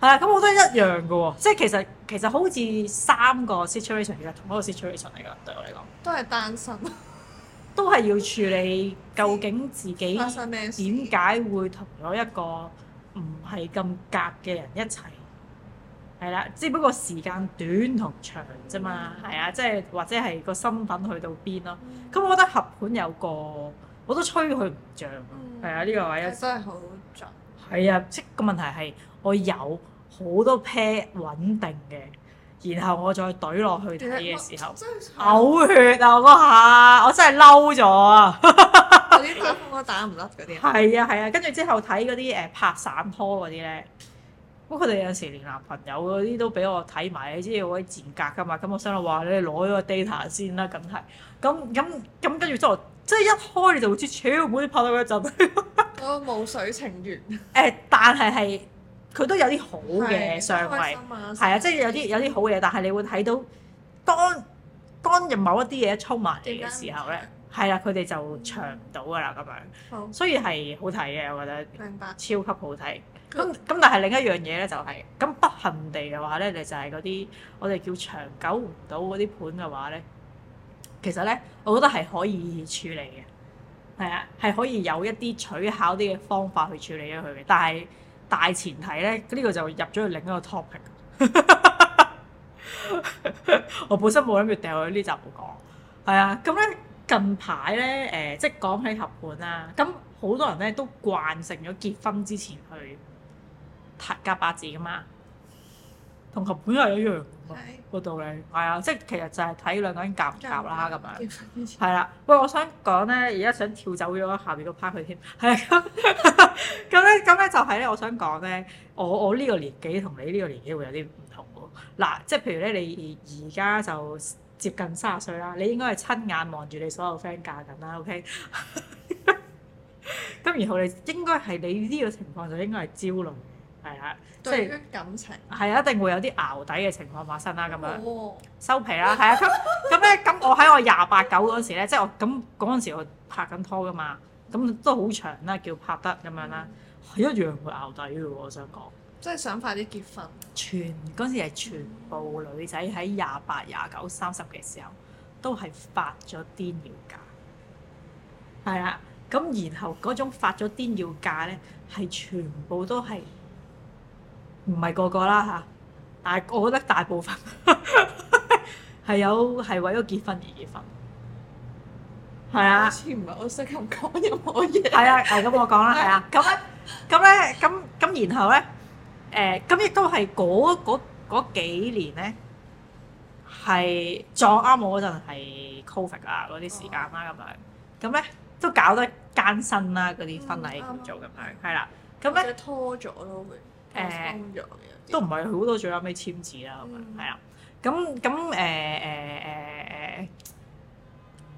啦，咁我都一樣嘅喎、哦，即係其實其實好似三個 situation 其實同一個 situation 嚟㗎，對我嚟講，都係單身。都係要處理究竟自己點解會同咗一個唔係咁夾嘅人一齊，係啦，只不過時間短同長啫嘛，係啊、嗯，即係或者係個身份去到邊咯。咁、嗯嗯、我覺得合盤有個我都吹佢唔脹，係啊、嗯，呢、這個位真係好準，係啊，即係個問題係我有好多 pair 穩定嘅。然後我再懟落去睇嘅時候，真係嘔血啊！我嗰下我真係嬲咗啊！啲打唔甩嗰啲，係啊係啊！跟住之後睇嗰啲誒拍散拖嗰啲咧，不過佢哋有陣時連男朋友嗰啲都俾我睇埋，即係嗰啲賤格㗎嘛。咁我想啦話你攞咗個 data 先啦，梗係咁咁咁，跟住之後，即係一開你就會知超唔好拍到嗰一陣。 我冇水情緣。誒 呃，但係係。佢都有啲好嘅相位，係對啊，對即係有啲有啲好嘅嘢。但係你會睇到，當當日某一啲嘢衝埋嚟嘅時候咧，係啦，佢哋就長唔到噶啦咁樣。好所以係好睇嘅，我覺得。明白。超級好睇。咁咁、嗯，但係另一樣嘢咧就係咁不幸地嘅話咧，就係嗰啲我哋叫長久唔到嗰啲盤嘅話咧，其實咧我覺得係可以處理嘅。係啊，係可以有一啲取巧啲嘅方法去處理咗佢嘅，但係。大前提咧，呢、這個就入咗去另一個 topic。 我本身冇諗住掉去、嗯、呢集講，係啊。咁咧近排咧誒，即係講起合盤啦，咁、嗯、好多人咧都慣性咗結婚之前去睇夾八字噶嘛。同佢本係一樣個道理，係啊，即係其實就係睇兩個人夾唔夾啦咁樣，係啦。喂，我想講咧，而家想跳走咗下邊嗰 part 去添，係、嗯、啊。咁咧，咁咧就係咧，我想講咧，我我呢個年紀同你呢個年紀會有啲唔同喎。嗱，即係譬如咧，你而家就接近三十歲啦，你應該係親眼望住你所有 friend 嫁緊啦。OK，咁然後你應該係你呢個情況就應該係焦慮。係啊，即係感情係啊，一定會有啲淆底嘅情況發生啦。咁樣、哦、收皮啦，係啊。 咁咁咧，咁我喺我廿八九嗰陣時咧， 即係我咁嗰陣時我拍緊拖噶嘛，咁都好長啦，叫拍得咁樣啦，係、嗯、一樣會淆底嘅喎。我想講，即係想快啲結婚。全嗰陣時係全部女仔喺廿八、廿九、三十嘅時候都癲癲，都係發咗癲要嫁。係啊，咁然後嗰種發咗癲要嫁咧，係全部都係。唔係個個啦嚇，但係我覺得大部分係有，係為咗結婚而結婚，係啊。好似唔係我識咁講任何嘢。係啊，係咁我講啦，係啊。咁咧，咁咧，咁咁然後咧，誒，咁亦都係嗰嗰嗰幾年咧，係撞啱我嗰陣係 Covid 啊嗰啲時間啦咁樣，咁咧都搞得艱辛啦，嗰啲婚禮做咁樣，係啦。咁咧拖咗咯會。誒，嗯、都唔係好多，仲有咩簽字啦，咁樣係啦。咁咁誒誒誒，咁咧、呃呃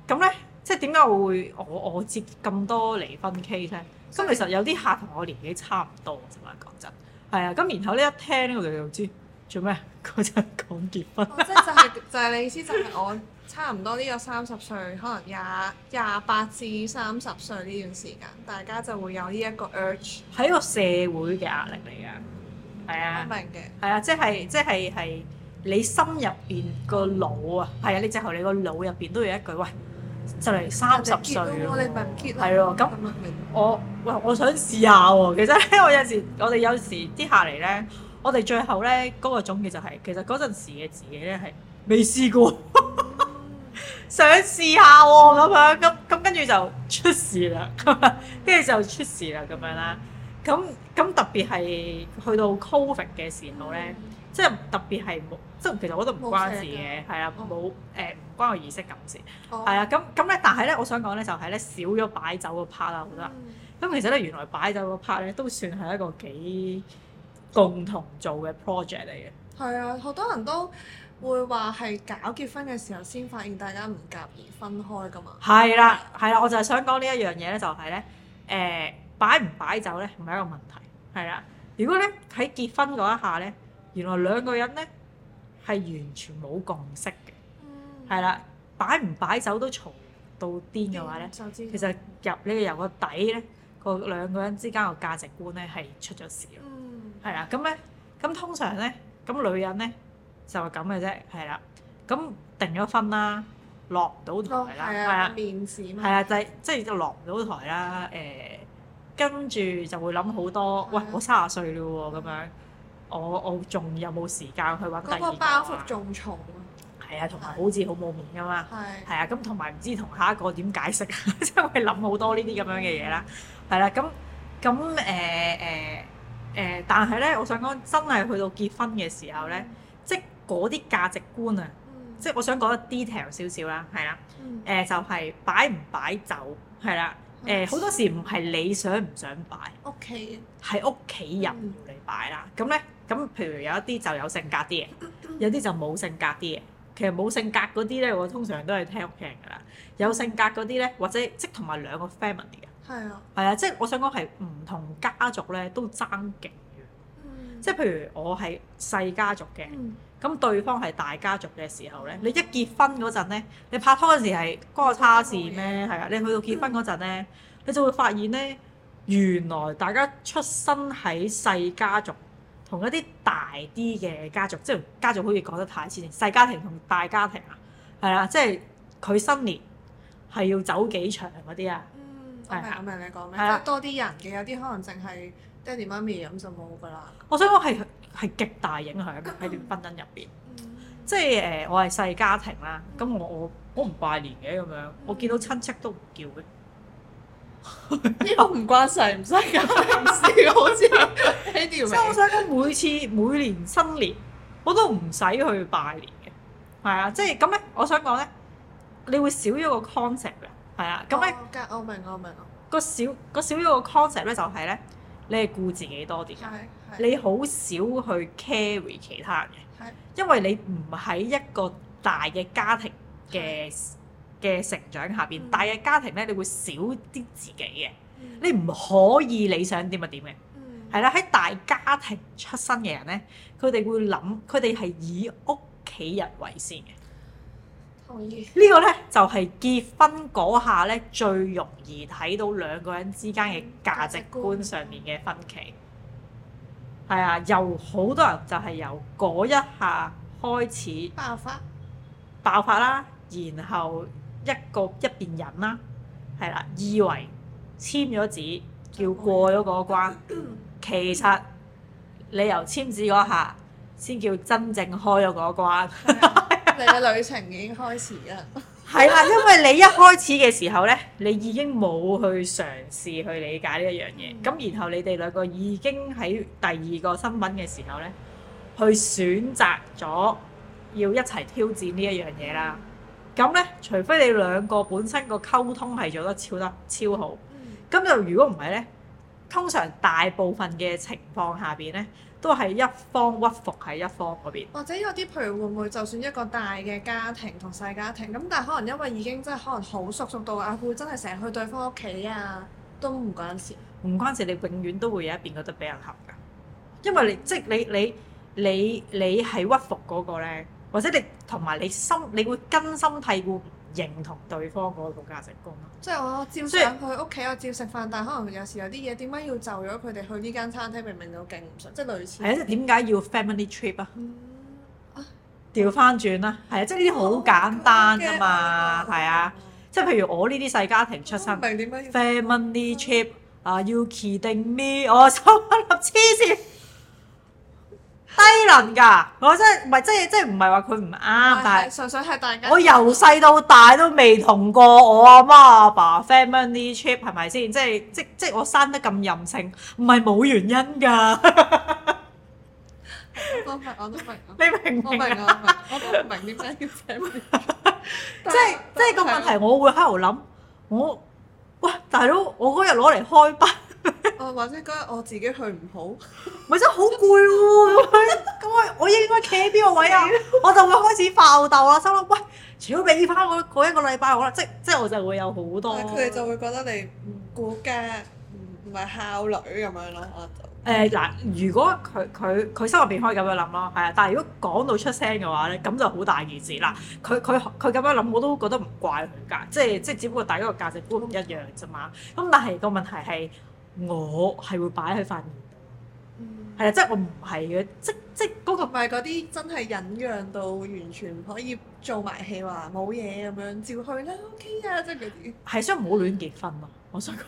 呃，即係點解我會我我接咁多離婚 case 咧？咁以其實有啲客同我年紀差唔多啫嘛，講真。係啊，咁然後咧，一聽咧我就知做咩？嗰陣講結婚、哦， 即係就係就係你意思，就係我。差唔多呢個三十歲，可能廿廿八至三十歲呢段時間，大家就會有呢一個 urge。係一個社會嘅壓力嚟嘅，係啊，明嘅，係啊，即係即係係你心入邊個腦啊，係、即係、啊，即係、你直頭你個腦入邊都有一句，喂，就嚟三十歲我哋咪唔結啦，係咯，咁我喂，我想試下喎、啊。其實咧，我有時我哋有時啲客嚟咧，我哋最後咧嗰、嗰個總結就係、係，其實嗰陣時嘅自己咧係未試過。想試下喎，咁、嗯、樣咁咁跟住就出事啦，咁跟住就出事啦，咁樣啦。咁咁特別係去到 Covid 嘅時候咧，嗯、即係特別係冇，即係其實我都唔關事嘅，係啊對，冇誒唔關我意識感事，係啊、哦。咁咁咧，但係咧，我想講咧，就係咧少咗擺酒個 part 啦，我覺得。咁其實咧，原來擺酒個 part 咧都算係一個幾共同做嘅 project 嚟嘅。係啊、嗯，好多人都。會話係搞結婚嘅時候先發現大家唔夾而分開噶嘛？係啦，係啦，我就係想講、就係呃、呢一樣嘢咧，就係咧，誒擺唔擺酒咧，唔係一個問題。係啦，如果咧喺結婚嗰一下咧，原來兩個人咧係完全冇共識嘅。嗯。係啦，擺唔擺酒都嘈到癲嘅話咧，嗯、其實入呢、這個由個底咧，個兩個人之間個價值觀咧係出咗事咯。係啦、嗯，咁咧，咁、嗯、通常咧，咁女人咧。就係咁嘅啫，係啦。咁定咗婚啦，落唔到台啦，係啊、哦，的面子嘛，係啊，就係即係就落唔到台啦。誒、呃，跟住就會諗好多，的喂，我三啊歲喇喎，咁樣，我我仲有冇時間去揾第二個包袱仲重啊？係啊，同埋好似好冇面噶嘛，係的，係啊，咁同埋唔知同下一個點解釋，即 係會諗好多呢啲咁樣嘅嘢啦。係啦、嗯，咁咁誒誒誒，但係咧，我想講真係去到結婚嘅時候咧。嗯。嗰啲價值觀啊，即係我想講 detail 少少啦，係啦，誒就係擺唔擺酒係啦，誒好多時唔係你想唔想擺，屋企係屋企人要你擺啦，咁咧咁譬如有一啲就有性格啲嘅，有啲就冇性格啲嘅。其實冇性格嗰啲咧，我通常都係聽屋企人㗎啦，有性格嗰啲咧，或者即同埋兩個 family 嘅，係啊，係啊，即係我想講係唔同家族咧都爭勁嘅，即係譬如我係細家族嘅。咁對方係大家族嘅時候咧，你一結婚嗰陣咧，你拍拖嗰時係嗰個差事咩？係啊，嗯，你去到結婚嗰陣咧，嗯、你就會發現咧，原來大家出生喺細家族同一啲大啲嘅家族，即係家族好似講得太似細家庭同大家庭啊，係啊，即係佢新年係要走幾場嗰啲啊？嗯，係啊的，我明你講咩？係啊的，的多啲人嘅，有啲可能淨係爹地媽咪咁就冇㗎喇。我想講係。係極大影響喺段婚姻入邊，即係誒，我係細家庭啦，咁我我我唔拜年嘅咁樣，我見到親戚都唔叫嘅，呢個唔關事，唔使講呢啲事，我知。即係我想講，每次每年新年，我都唔使去拜年嘅，係啊，即係咁咧，我想講咧，你會少咗個 concept 嘅，係啊，咁咧。我明，我明，我個少個少咗個 concept 咧，就係咧。你係顧自己多啲，你好少去 carry 其他人嘅，的因為你唔喺一個大嘅家庭嘅嘅的成長下邊，嗯、大嘅家庭咧，你會少啲自己嘅，嗯、你唔可以你想點就點嘅，係啦、嗯，喺大家庭出生嘅人咧，佢哋會諗，佢哋係以屋企人為先嘅。呢個呢，就係、是、結婚嗰下呢，最容易睇到兩個人之間嘅價值觀上面嘅分歧，係 啊，由好多人就係由嗰一下開始爆發，爆發啦，然後一個一邊忍啦，係啦、啊，以為簽咗字叫過咗嗰關， 其實你由簽字嗰下先叫真正開咗嗰關。 你嘅旅程已經開始啦，係啦，因為你一開始嘅時候呢，你已經冇去嘗試去理解呢一樣嘢，咁然後你哋兩個已經喺第二個新聞嘅時候呢，去選擇咗要一齊挑戰呢一樣嘢啦，咁呢，除非你兩個本身個溝通係做得超得超好，咁就如果唔係呢。通常大部分嘅情況下邊呢，都係一方屈服喺一方嗰邊。或者有啲譬如會唔會，就算一個大嘅家庭同細家庭，咁但係可能因為已經真係可能好熟熟到，會，會真係成日去對方屋企啊，都唔關事。唔關事，你永遠都會有一邊覺得俾人恰㗎，因為你即係你你你你係屈服嗰個呢，或者你同埋你心你會根深蒂固。認同對方嗰個價值觀，即係以我照上去屋企，我照食飯，但係可能有時有啲嘢點解要就咗佢哋去呢間餐廳？明明都勁唔想，即係類似係啊！即係點解要 family trip 啊、嗯？調翻轉啦，係啊、嗯！即係呢啲好簡單㗎嘛，係啊、哦！即係譬如我呢啲細家庭出身、嗯、，family trip 啊、嗯，要 kidding me，我收一粒黐線。低能噶，我真係唔係，即係即係唔係話佢唔啱，但係純粹係突然間。我由細到大都未同過我阿媽阿爸 family trip，係咪先？即係即即我生得咁任性，唔係冇原因㗎。我明，我都明。你明明我唔明，我唔明點解要 family。即係即係個問題，我會喺度諗，我喂大佬，我嗰日攞嚟開筆。啊、或者覺得我自己去唔好，咪真係好攰喎，咁我我應該企喺邊個位啊？ 我就會開始爆豆啦，心諗喂，除果俾翻嗰嗰一個禮拜，可能即即，即我就會有好多。佢哋、啊、就會覺得你唔顧嘅，唔唔係孝女咁樣咯。誒嗱、呃呃呃，如果佢佢佢心入邊可以咁樣諗咯，係啊。但係如果講到出聲嘅話咧，咁就好大件事啦。佢佢佢咁樣諗，我都覺得唔怪佢㗎，即係即係只不過大家個價值觀唔一樣啫嘛。咁但係個問題係。我係會擺喺塊面度，係啊！即係我唔係嘅，即即嗰個唔係嗰啲真係忍讓到完全可以做埋戲話冇嘢咁樣照去啦，OK 啊！即係嗰啲係，所以唔好亂結婚啊！我想講，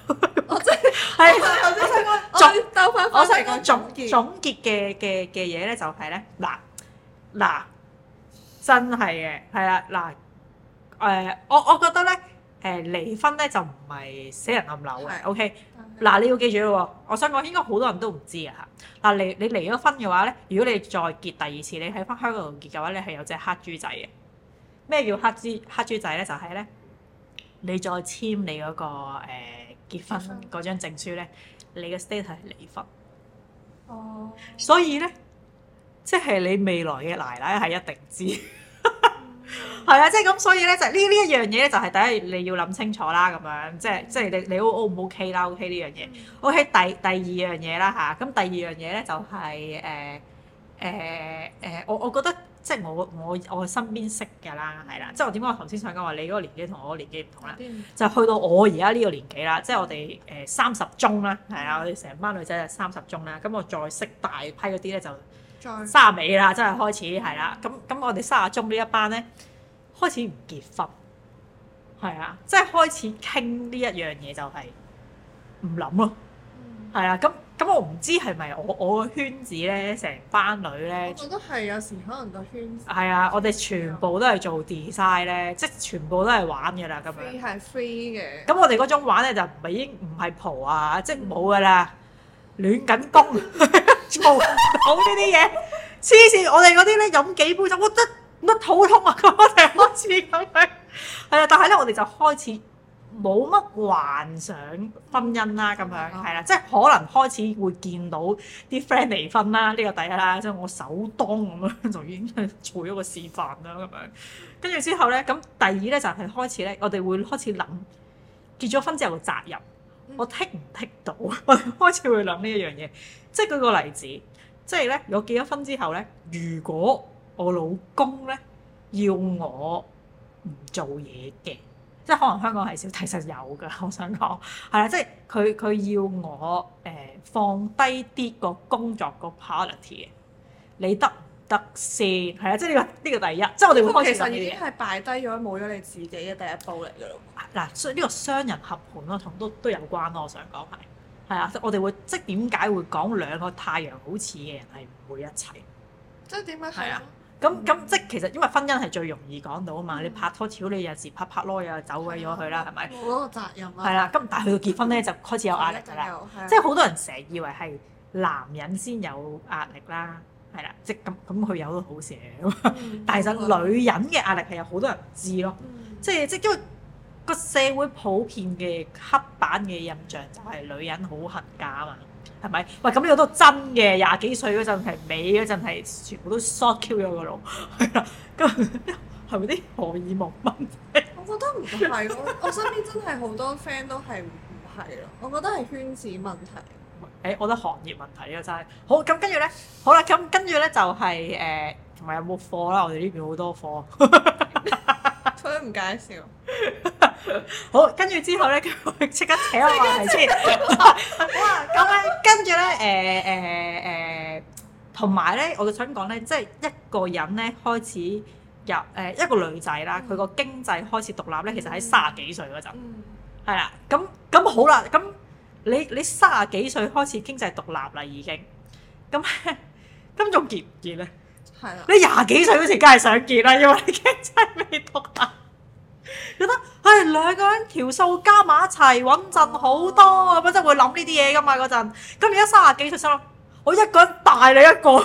我即係頭先想講總收翻，我想講總總結嘅嘅嘅嘢咧就係咧，嗱嗱真係嘅係啦，嗱誒我我覺得咧。誒離婚咧就唔係死人冧樓嘅，OK。嗱你要記住咯，我想講應該好多人都唔知啊。嗱離你離咗婚嘅話咧，如果你再結第二次，你喺翻香港度結嘅話，你係有隻黑豬仔嘅。咩叫黑豬黑豬仔咧？就係咧，你再簽你嗰、那個誒、呃、結婚嗰張證書咧，嗯、你嘅 state 係離婚。哦、嗯。所以咧，即、就、係、是、你未來嘅奶奶係一定知。係啊，即係咁，所以咧就呢呢一樣嘢咧，就係第一你要諗清楚啦，咁樣即係即係你你 O 唔 O OK 啦，OK 呢樣嘢。嗯、OK 第第二樣嘢啦吓，咁、啊、第二樣嘢咧就係誒誒誒，我我覺得即係我我我身邊識嘅啦，係啦，即係點解我頭先想講話你嗰個年紀同我年紀唔同啦，嗯、就去到我而家呢個年紀啦，即係我哋誒三十中啦，係啊，我哋成班女仔三十中啦，咁我再識大批嗰啲咧就。卅尾啦，真係開始係啦。咁咁，我哋卅中呢一班咧，開始唔結婚，係啊，即係開始傾呢一樣嘢就係唔諗咯。係啊、嗯，咁咁中、嗯，我唔知係咪我我個圈子咧，成班女咧，我都係有時可能個圈子係啊，我哋全部都係做 design 咧，即係全部都係玩嘅啦。咁樣係 free 嘅。咁我哋嗰種玩咧就唔係已經唔係蒲啊，即係冇噶啦，亂緊工。冇呢啲嘢，黐線！我哋嗰啲咧飲幾杯就覺得乜肚痛啊咁，我哋開始咁樣。係啊，但係咧，我哋就開始冇乜幻想婚姻啦，咁、嗯、樣係啦，即係可能開始會見到啲 friend 離婚啦，呢、這個第一啦，即係我手當咁樣，就已經係做咗個示範啦，咁樣。跟住之後咧，咁第二咧就係、是、開始咧，我哋會開始諗結咗婚之後嘅責任，我剔唔剔到？嗯、 我哋開始會諗呢一樣嘢。即係舉個例子，即係咧，我結咗婚之後咧，如果我老公咧要我唔做嘢嘅，即係可能香港係少，其實有噶，我想講係啦，即係佢佢要我誒、呃、放低啲個工作個 quality，你得唔得先係啦，即係呢、呢個呢、呢個第一，即係我哋會開始實踐嘅嘢。其實已經係擺低咗冇咗你自己嘅第一步嚟嘅咯。嗱，所以呢個雙人合盤咯，同都都有關咯，我想講係。係啊，我哋會即點解會講兩個太陽好似嘅人係唔會一齊？即點解係啊？咁咁即其實因為婚姻係最容易講到啊嘛，嗯、你拍拖條，如你有時拍拍耐又走鬼咗佢啦，係咪、嗯？冇嗰個責任、啊。係啦，咁但係佢結婚咧就開始有壓力㗎啦，嗯、即好、嗯、多人成日以為係男人先有壓力啦，係啦，即咁咁佢有都好少，嗯、但其實女人嘅壓力係有好多人唔知咯，嗯嗯、即即因為。個社會普遍嘅黑板嘅印象就係女人好恨嫁啊嘛，係咪？喂，咁呢個都真嘅，廿幾歲嗰陣係美嗰陣係全部都 short cut 咗個腦，係啦，咁係咪啲荷爾蒙問題？我覺得唔係我， 我身邊真係好多 friend 都係唔係咯，我覺得係圈子問題。誒、欸，我覺得行業問題啊，真係好咁跟住咧，好啦，咁跟住咧就係、是、誒，同、呃、埋有冇貨啦？我哋呢邊好多貨。 佢唔介紹， 好，跟住之後咧，佢即刻扯我落嚟先。 好啊，咁咧，跟住咧，誒誒誒，同埋咧，我就想講咧，即係一個人咧開始入誒、呃、一個女仔啦，佢個、嗯、經濟開始獨立咧，其實喺卅幾歲嗰陣，係啦、嗯，咁、嗯、咁好啦，咁你你卅幾歲開始經濟獨立啦，已經，咁咁仲結唔結咧？係啦了，你廿幾歲嗰時，梗係想結啦，因為你經濟未獨立。 覺得誒、哎、兩個人條數加埋一齊穩陣好多咁樣，即係、哦、會諗呢啲嘢㗎嘛嗰陣。咁而家卅幾歲先咯，我一個人大你一個，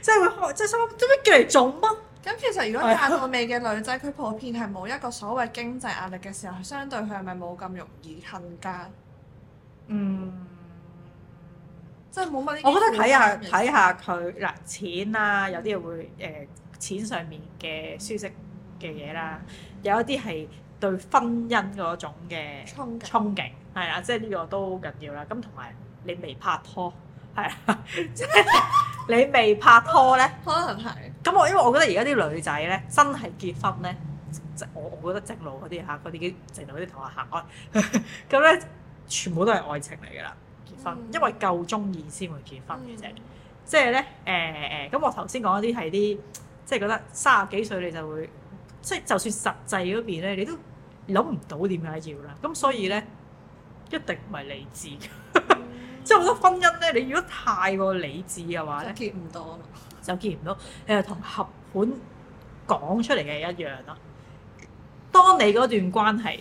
即 係會即係心諗，做、哎、乜、即係、叫嚟做乜？咁其實如果大個未嘅女仔，佢普遍係冇一個所謂經濟壓力嘅時候，相對佢係咪冇咁容易恨㗎？嗯，即係冇乜。我覺得睇下睇、嗯、下佢嗱錢啊，嗯、有啲嘢會誒錢上面嘅舒適。嗯嗯嘅嘢啦，有一啲係對婚姻嗰種嘅憧憬，係啦，即係呢個都好緊要啦。咁同埋你未拍拖，係啊，即係你未拍拖咧，可能係。咁我因為我覺得而家啲女仔咧，真係結婚咧，即我我覺得正路嗰啲吓，嗰啲正路嗰啲同學行開，咁咧全部都係愛情嚟㗎啦，結婚，因為夠中意先會結婚嘅啫。即係咧，誒誒，咁我頭先講一啲係啲，即係覺得卅幾歲你就會。即係就算實際嗰邊咧，你都諗唔到點解要啦。咁所以咧，一定唔係理智㗎。即係好多婚姻咧，你如果太過理智嘅話咧，就結唔到。就結唔到。誒，同合盤講出嚟嘅一樣啦。當你嗰段關係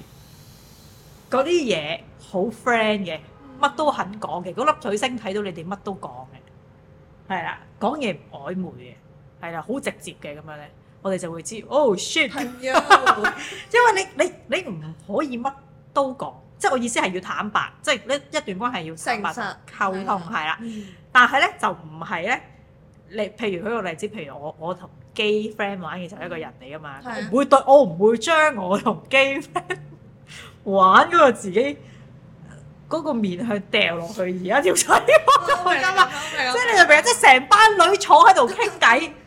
嗰啲嘢好 friend 嘅，乜都肯講嘅，嗰粒水星睇到你哋乜都講嘅，係啦，講嘢唔曖昧嘅，係啦，好直接嘅咁樣咧。我哋就會知哦、oh，shit！會會 因為你你你唔可以乜都講，即係我意思係要坦白，即係一一段關係要坦白溝通係啦。立嗯、但係咧就唔係咧，你譬如舉個例子，譬如我我同 gay friend 玩嘅時候，嗯、一個人嚟啊嘛，嗯、我唔會對我唔會將我同 gay friend 玩嗰個自己嗰個面去掉落去，而家跳出去玩啊嘛，即係你入邊即係成班女坐喺度傾偈。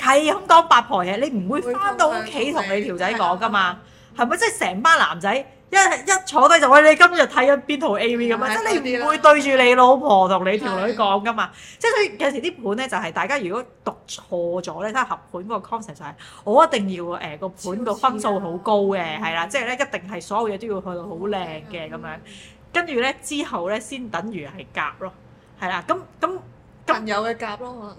係咁當八婆嘢，你唔會翻到屋企同你條仔講噶嘛？係咪即係成班男仔一一坐低就話你今日睇咗邊套 AV 咁樣？即係你唔會對住你老婆同你條女講噶嘛？即係所以有時啲盤咧就係大家如果讀錯咗咧，睇下合盤嗰個 concept 係我一定要誒個盤個分數好高嘅係啦，即係咧一定係所有嘢都要去到好靚嘅咁樣，跟住咧之後咧先等於係夾咯，係啦，咁咁朋友嘅夾咯可能。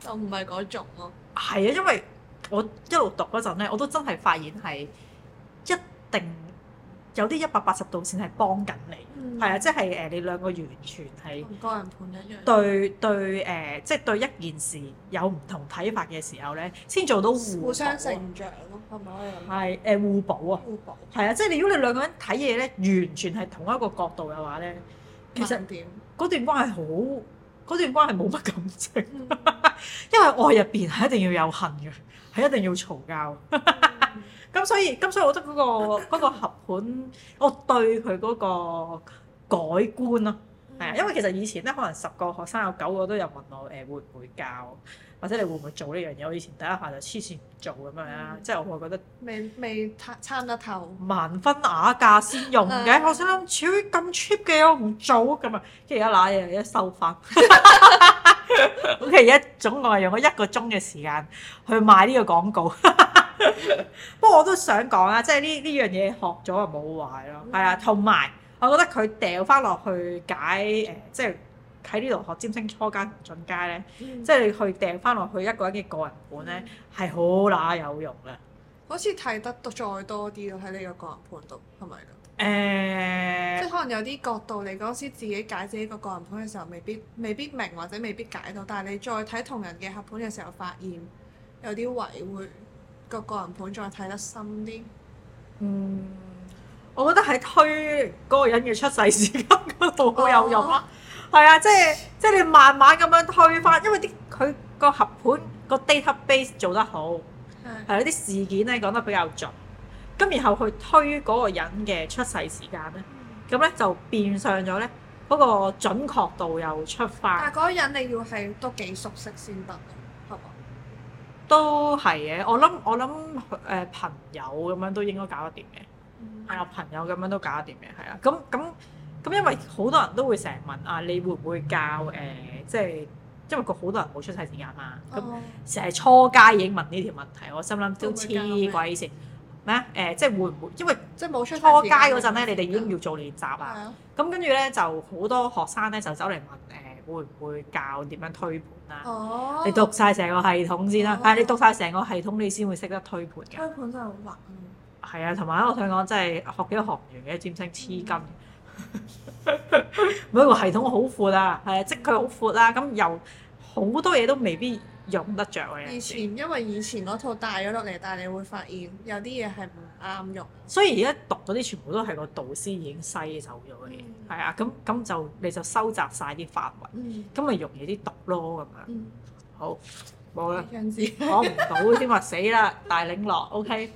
就唔係嗰種咯、啊。係啊，因為我一路讀嗰陣咧，我都真係發現係一定有啲一百八十度線係幫緊你。係啊、嗯，即係誒，你兩個完全係同個人判一樣對。對對誒，即、呃、係、就是、對一件事有唔同睇法嘅時候咧，先做到互，互相成長咯，係咪啊？係誒，互補啊。互補。係啊補，即係如果你兩個人睇嘢咧，完全係同一個角度嘅話咧，點其實嗰段關係好。嗰段關係冇乜感情， 因為愛入邊係一定要有恨嘅，係一定要嘈交。咁 所以，咁所以我覺得嗰個嗰個合盤，我對佢嗰個改觀啦，係啊，因為其實以前咧，可能十個學生有九個都有問我誒會唔會教。或者你會唔會做呢樣嘢？我以前第一下就黐線唔做咁樣啦，即係、嗯、我會覺得未未參得透，萬分瓦價先用嘅。我想超咁 cheap 嘅我唔做咁啊，跟一拿家嗱一收翻。 OK，總共係用咗一個鐘嘅時，時間去賣呢個廣告。不 過、嗯、 我都想講、呢個呢個嗯、啊，即係呢呢樣嘢學咗就冇壞咯。係啊，同埋我覺得佢掉翻落去解誒、呃，即係。喺呢度學占星初階同進階咧，嗯、即係你去訂翻落去一個人嘅個人盤咧，係好乸有用噶。好似睇得多再多啲咯，喺你個個人盤度係咪？誒，欸、即係可能有啲角度，你嗰時自己解自己個個人盤嘅時候未，未必未必明或者未必解到，但係你再睇同人嘅合盤嘅時候，發現有啲位會個個人盤再睇得深啲。嗯，我覺得喺推嗰個人嘅出世時間嗰度好有用啊、哦哦！係啊，即係即係你慢慢咁樣推翻，因為啲佢個合盤個 database 做得好，係啊的，啲事件咧講得比較準，咁然後去推嗰個人嘅出世時間咧，咁咧、嗯、就變相咗咧嗰個準確度又出翻。但係嗰人你要係都幾熟悉先得，係嘛？都係嘅，我諗我諗誒朋友咁樣都應該搞得掂嘅，係啊、嗯、朋友咁樣都搞得掂嘅，係啊咁咁。咁因為好多人都會成日問啊，你會唔會教誒？即、呃、係因為佢好多人冇出世時間嘛。咁成日初階已經問呢條問題，我心諗都黐鬼線咩啊？誒、呃，即係會唔會？因為初階嗰陣咧，你哋已經要做練習啊。咁跟住咧，就好多學生咧就走嚟問誒、呃，會唔會教點樣推盤啦？你讀晒成個系統先啦。係你讀晒成個系統，你先會識得推盤嘅。推盤真係好滑。係啊，同埋我想講真係學幾多學員嘅占星黐筋。每一 個系統好闊啊，係啊，即係佢好闊啦，咁又好多嘢都未必用得着嘅。以前因為以前嗰套帶咗落嚟，但係你會發現有啲嘢係唔啱用。所以而家讀嗰啲全部都係個導師已經篩走咗嘅，係啊、嗯，咁咁就你就收窄晒啲範圍，咁咪、嗯、容易啲讀咯咁、嗯、樣。好冇啦，講唔到先話死啦，大檸樂，OK。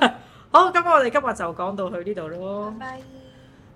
好，咁我哋今日就講到去呢度咯。拜拜